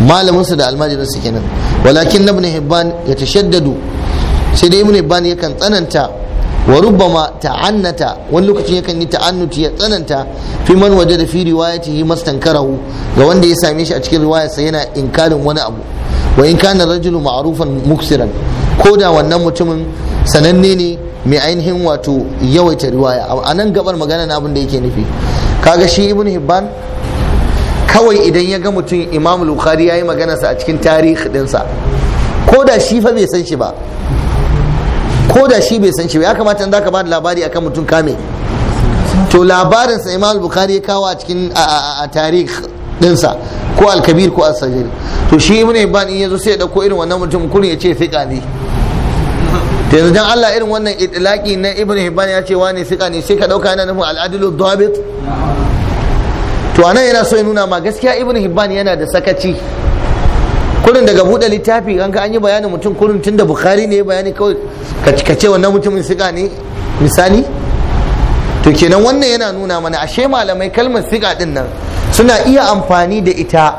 malamin sa da almajirin sa kenan walakin ibn hibban ya tashaddadu sai dai ibn hibban yakan tsananta wa rubbama ta'annata wani lokacin yakan yi ta'annuti ya tsananta fi man waje da fi yi mastankarahu ga wanda ya same shi a cikin riwayarsa yana inkarin wani abu wa in kana rajulu ma'rufan muksiran ko da wannan mutumin sananne ne mai ainihin wato yawaita riwaya a nan gabar magana na abin da yake nufi kaga shi ibn hibban kawai idan ya ga mutum imam bukhari ya yi sa a cikin tarihi dinsa ko da shi fa bai san shi ba ko da shi bai san shi ya kamata in zaka ba labari akan mutum kame to labarin sa Imam Bukhari ya kawo a cikin a tarikh sa ko al-kabir ko as-sajil to shi ibn Hibban in yazo sai ya dauko irin wannan mutum kun ya ce fiqa ne to yanzu dan Allah irin wannan itlaqi na ibn Hibban ya ce wani fiqa ne sai ka dauka yana nufin al-adilu dhabit to anan yana so ya nuna ma gaskiya ibn Hibban yana da sakaci kurin daga buɗe littafi an ka an yi bayanin mutum kurin tun da bukhari ne bayani kawai ka ce wannan mutumin siga ne misali to kenan wannan yana nuna mana ashe malamai kalmar siga din nan suna iya amfani da ita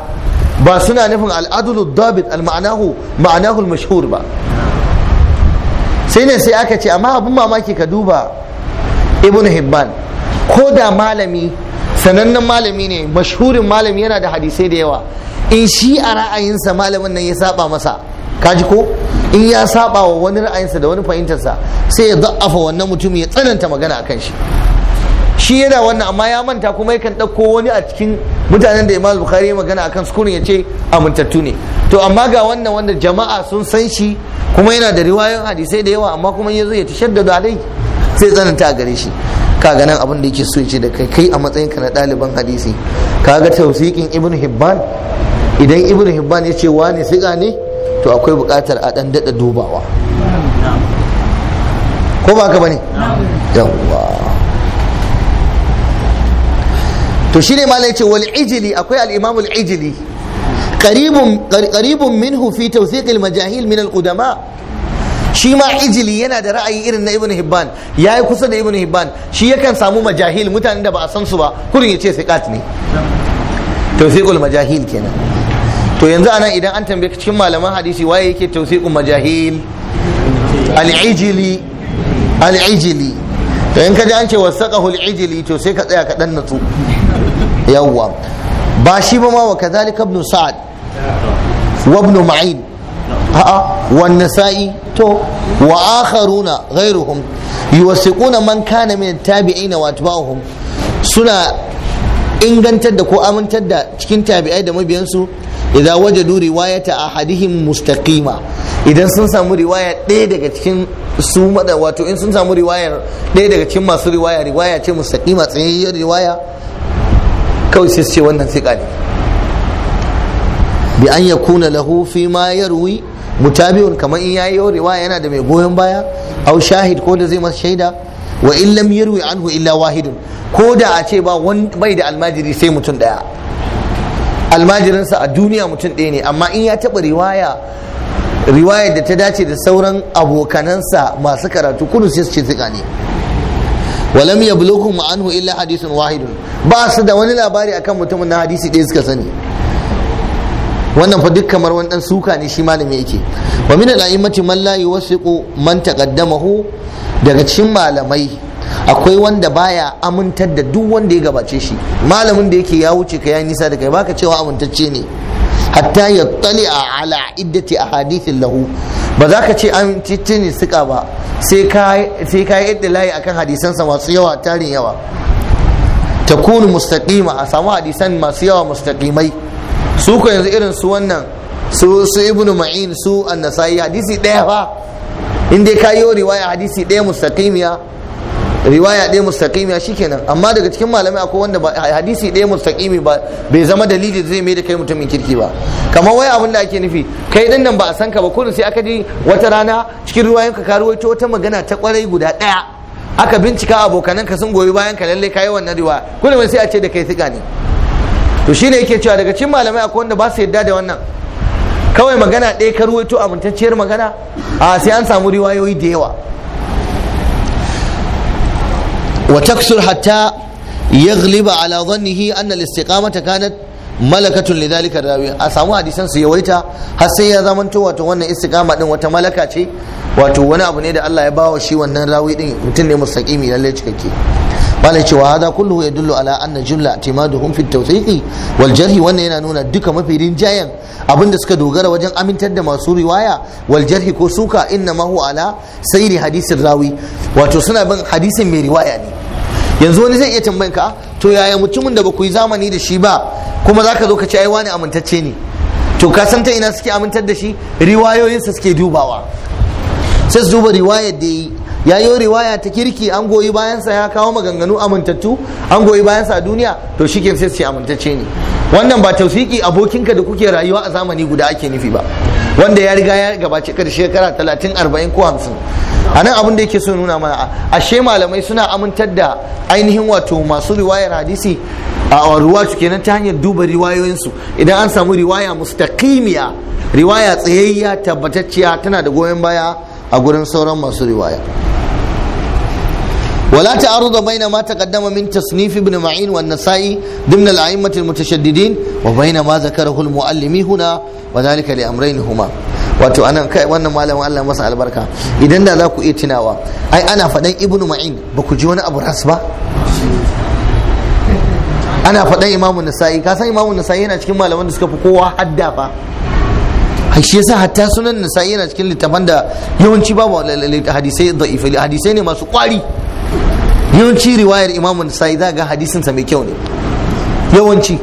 ba suna nufin al'adul dabit al-ma'anahu ma'anahu mashhur ba sai ne sai aka ce amma abin mamaki ka duba ibn hibban ko da malami sanannen malami ne mashhurin malami yana da hadisai da yawa in shi a ra'ayinsa malamin nan ya saba masa kaji ko in ya saba wa wani ra'ayinsa da wani fahimtarsa sai ya za'afa wannan mutum ya tsananta magana a kan shi shi yana wannan amma ya manta kuma yakan ɗauko wani a cikin mutanen da imam bukhari magana akan sukurin ya ce amintattu ne to amma ga wannan wanda jama'a sun san shi kuma yana da riwayoyin hadisai da yawa amma kuma yazo ya da alai sai tsananta a gare shi ga nan abin da yake so ya ce da kai kai a matsayinka na ɗaliban hadisi Ka ga tausikin ibnu hibban idan ibn hibban ya ce wani siga ne to akwai buƙatar a ɗan daɗa dubawa ko ba ka bane yawwa to shine ma ce wal ijli akwai al imam al ijli qaribun qaribun minhu fi majahil min al shi ma ijili yana da ra'ayi irin na ibn hibban ya yi kusa da ibn hibban shi yakan samu majahil mutanen da ba a san su ba kurin ya ce siqat ne tawfiqul majahil kenan to yanzu anan idan an tambaye cikin malaman hadisi waye yake tawsiqu majahil al-ijli al-ijli to in kaji an ce wasaqahu al-ijli to sai ka tsaya ka dan natsu yawwa ba shi ba ma wa kadhalika ibn sa'ad wa ibn ma'in a'a wa an-nasa'i to wa akharuna ghayruhum yuwasiquna man kana min at-tabi'ina wa atba'uhum suna ingantar da ko amintar da cikin tabi'ai da mabiyansu idza wajadu riwayata ahadihim mustaqima idan sun samu riwaya ɗaya daga cikin su mada wato in sun samu riwayar ɗaya daga cikin masu riwaya riwaya ce mustaqima tsayayyar riwaya kawai sai ce wannan sai ne bi an yakuna lahu fi ma yarwi mutabi'un kamar in yayi riwaya yana da mai goyon baya au shahid ko da zai masa shaida wa in yarwi anhu illa wahidun ko da a ce ba bai da almajiri sai mutum daya almajirinsa a duniya mutum ɗaya ne amma in ya taɓa riwaya riwayar da ta dace da sauran abokanansa masu karatu kudu sai su ce tsika ne walam ya bulokum anhu illa hadisun wahidun ba su da wani labari akan mutumin na hadisi ɗaya suka sani wannan fa duk kamar wani dan suka ne shi malami yake wa min al-a'immati man la yuwasiqu man taqaddamahu daga cikin malamai akwai wanda baya amintar da duk wanda ya gabace shi malamin da yake ya wuce ka ya nisa da kai baka cewa amintacce ne hatta ya tsali a ala iddati a hadithin lahu ba za ka ce an ne suka ba sai ka yi yadda layi akan hadisansa masu yawa tarin yawa ta kunu mustaƙima a samu hadisan masu yawa mustaƙimai su ka yanzu irin su wannan su su ibnu ma'in su annasai hadisi ɗaya fa in dai ka yi riwaya hadisi ɗaya mustaƙimiya riwaya ɗaya mustaqimiya shikenan amma daga cikin malamai akwai wanda ba hadisi ɗaya mustaqimi ba bai zama dalili zai mai da kai mutumin kirki ba kamar wai abin da ake nufi kai din nan ba a san ka ba kullum sai aka ji wata rana cikin ruwayanka ka ruwaito wata magana ta kwarai guda ɗaya aka bincika abokanan ka sun goyi bayan ka lalle kai wannan riwaya kullum sai a ce da kai siga ne to shine yake cewa daga cikin malamai akwai wanda ba su yadda da wannan kawai magana ɗaya ka ta amintacciyar magana a sai an samu riwayoyi da yawa wa hatta yaghliba ala dhannihi anna al-istiqamata kanat malakatun lidhalika rawi a samu hadisan su yawaita har sai ya zamanto wato wannan istiqama din wata malaka ce wato wani abu ne da Allah ya bawa shi wannan rawi din mutum ne mustaqimi lalle cikakke malai cewa hada kulluhu yadullu ala anna jumla timaduhum fi tawthiqi wal jarhi wannan yana nuna duka mafi rinjayen abinda suka dogara wajen amintar da masu riwaya wal jarhi ko suka inna mahu ala sayri hadisin rawi wato suna bin hadisin mai riwaya ne yanzu wani zai iya tambayin ka ah, to yaya mutumin da ba ku yi zamani da shi ba kuma za ka zo ka ci ai wani amintacce ne to ka san ta ina suke amintar da shi riwayoyinsa suke dubawa sai su duba riwayar da yi ya yi riwaya ta kirki an goyi bayansa ya kawo maganganu amintattu an goyi bayansa a duniya to shi ke sai amintacce ne wannan ba tausiki abokinka da kuke rayuwa a zamani guda ake nufi ba wanda ya riga ya gabace kada shekara talatin arba'in ko hamsin a nan abin da yake so nuna mana ashe malamai suna amintar da ainihin wato masu riwayar hadisi a ruwa kenan ta hanyar duba riwayoyinsu idan an samu riwaya mustaqimiya riwaya tsayayya tabbatacciya tana da goyon baya a gurin sauran masu riwaya ولا تعارض بين ما تقدم من تصنيف ابن معين والنسائي ضمن الأئمة المتشددين وبين ما ذكره المؤلم هنا وذلك لأمرين هما wato anan kai wannan malamin Allah masa albarka idan da za ku iya tunawa ai ana faɗan ibnu ma'in ba ku ji wani abu ras ba ana faɗan imamu nasa'i ka san imamu nasa'i yana cikin malaman da suka fi kowa hadda fa shi yasa hatta sunan nasa'i yana cikin littafan da yawanci babu hadisai da'ifai hadisai ne masu kwari yawanci riwayar imamu nasa'i za ga hadisin sa mai kyau ne yawanci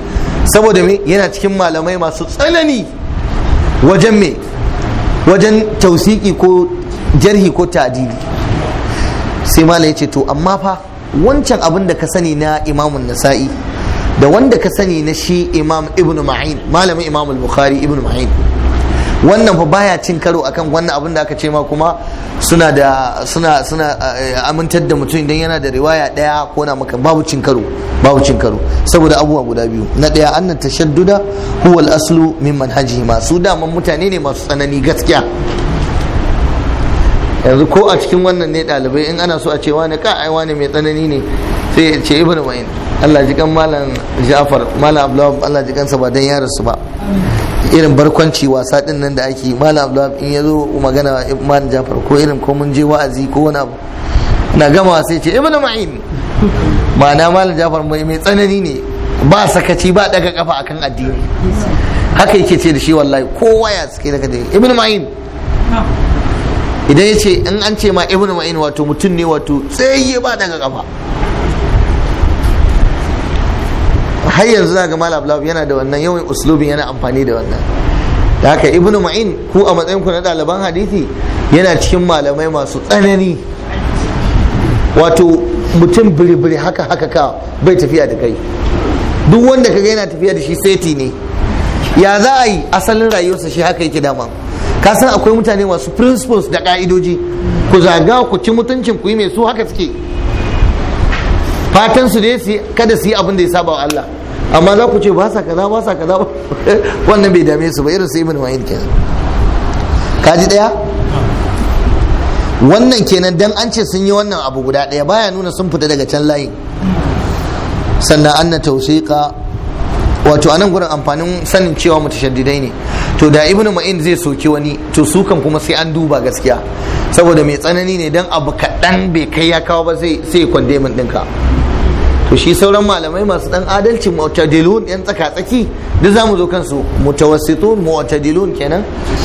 saboda me yana cikin malamai masu tsanani wajen me wajen tausiki ko jarhi ko ta'dili sai mala ya ce to amma fa wancan abin da ka sani na imamun nasa'i da wanda ka sani na shi imam ibn ma'in malamin imamul bukhari ibn ma'in wannan fa baya cin karo akan wannan abin da aka ce ma kuma suna da suna suna eh, amintar da mutum idan yana da riwaya daya ko na maka babu cin karo babu cin karo saboda abubuwa guda biyu na daya annan tashadduda huwa al-aslu min manhajihi ma su daman mutane ne masu tsanani gaskiya yanzu ko a cikin wannan ne dalibai in ana so a ce wani ka ai wani mai tsanani ne sai ya ce ibnu wa'in Allah ji kan malam Ja'far malam Abdullah Allah ji kansa ba dan yarasu ba irin barkwanci wasa din nan da ake malam abdullahi in ya zo magana imam jafar ko irin ko mun je wa'azi ko wani abu na gama sai ce ibnu ma'in ma'ana malam jafar mai mai tsanani ne ba sakaci ba daga kafa akan addini haka yake ce da shi wallahi kowa ya suke daga da ibnu ma'in idan ya in an ce ma ibnu ma'in wato mutum ne wato tsaye ba daga kafa har yanzu za ga malam abdullahi yana da wannan yawan uslubin yana amfani da wannan da haka ibnu ma'in ku a matsayin ku na ɗaliban hadisi yana cikin malamai masu tsanani wato mutum biribiri haka haka ka bai tafiya da kai duk wanda kaga yana tafiya da shi seti ne ya za a yi asalin rayuwarsa shi haka yake dama ka san akwai mutane masu principles da ka'idoji ku zaga ku ci mutuncin ku yi mai su haka suke fatan su dai kada su yi abin da ya saba wa Allah amma za ku ce ba sa kaza ba sa kaza wannan bai dame su ba irin sai ibn ma'in kenan kaji daya wannan kenan dan an ce sun yi wannan abu guda daya baya nuna sun fita daga can layin sannan anna tawsiqa wato anan gurin amfanin sanin cewa mutashaddidai ne to da ibnu ma'in zai soki wani to su kan kuma sai an duba gaskiya saboda mai tsanani ne dan abu kaɗan bai kai ya kawo ba sai sai kwandemin dinka to shi sauran malamai masu dan adalci mu'tadilun yan tsaka tsaki duk zamu zo kansu mutawassitun mu'tadilun kenan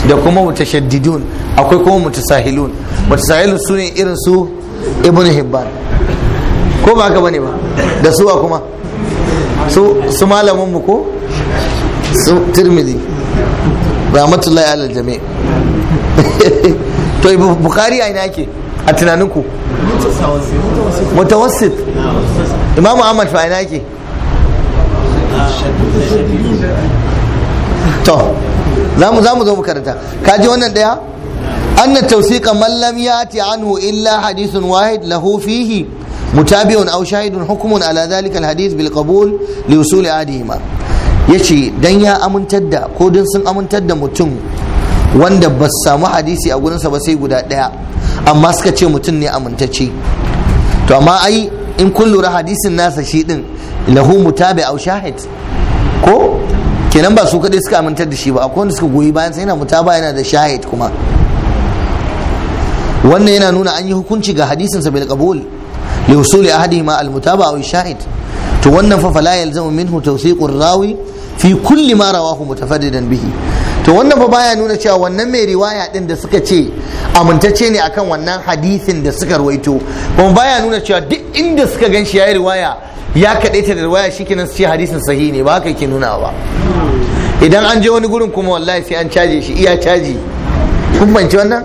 da kuma mutashaddidun akwai kuma mutasahilun mutasahilun sune irin su ibn hibban ko ba haka bane ba da suwa kuma su su malamin mu ko su tirmidhi rahmatullahi alal jami' to bukhari a ina ake a tunaninku mutawassit imamu ahmad fa ina yake to zamu zamu zo mu karanta kaji wannan daya anna tawsiqa man lam yati anhu illa hadithun wahid lahu fihi mutabi'un aw shahidun hukmun ala dhalika alhadith bil qabul li usul adihima yace dan ya amintar da ko dan sun amintar da mutum wanda ba su samu hadisi a gurinsa ba sai guda ɗaya amma suka ce mutum ne amintacce to amma ai in kun lura hadisin nasa shi din lahu mutabi au shahid ko kenan ba su kaɗai suka amintar da shi ba akwai wanda suka goyi bayan sai yana mutaba yana da shahid kuma wannan yana nuna an yi hukunci ga hadisin sa bil qabul li usuli ma al mutaba au shahid to wannan fa fala yalzamu minhu tawsiqur rawi fi kulli ma rawahu mutafaddidan bihi to wannan ba baya nuna cewa wannan mai riwaya din da suka ce amintacce ne akan wannan hadisin da suka ruwaito ba baya nuna cewa duk inda suka gan shi yayi riwaya ya ta da riwaya shikenan su ce hadisin sahi ne ba haka yake nuna ba idan an je wani gurin kuma wallahi sai an caje shi iya caji kun wannan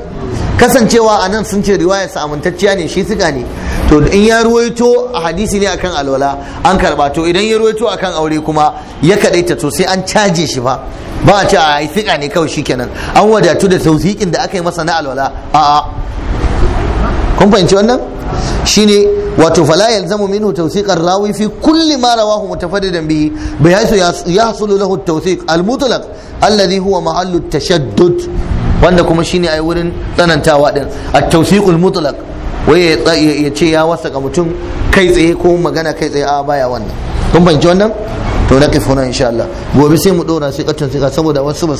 kasancewa a nan sun ce riwayarsa sa amintacciya ne shi suka ne to in ya ruwaito a hadisi ne akan alwala an karba to idan ya ruwaito akan aure kuma ya kadaita to sai an caje shi ba ba a ce a yi fiƙa ne kawai shikenan an wadatu da tausikin da aka yi masa na alwala a'a kun fahimci wannan shine wato fala yalzamu minhu tawsiq ar-rawi fi kulli ma rawahu mutafaddidan bihi bihaythu yahsulu lahu at-tawsiq al-mutlaq alladhi huwa mahallu at-tashaddud wanda kuma shine ai wurin tsanantawa din at-tawsiq al-mutlaq wai ya ce ya wasaka mutum kai tsaye ko magana kai tsaye a baya wannan kun fahimci wannan to na kifuna insha Allah gobe sai mu dora sai katon sai saboda wasu ba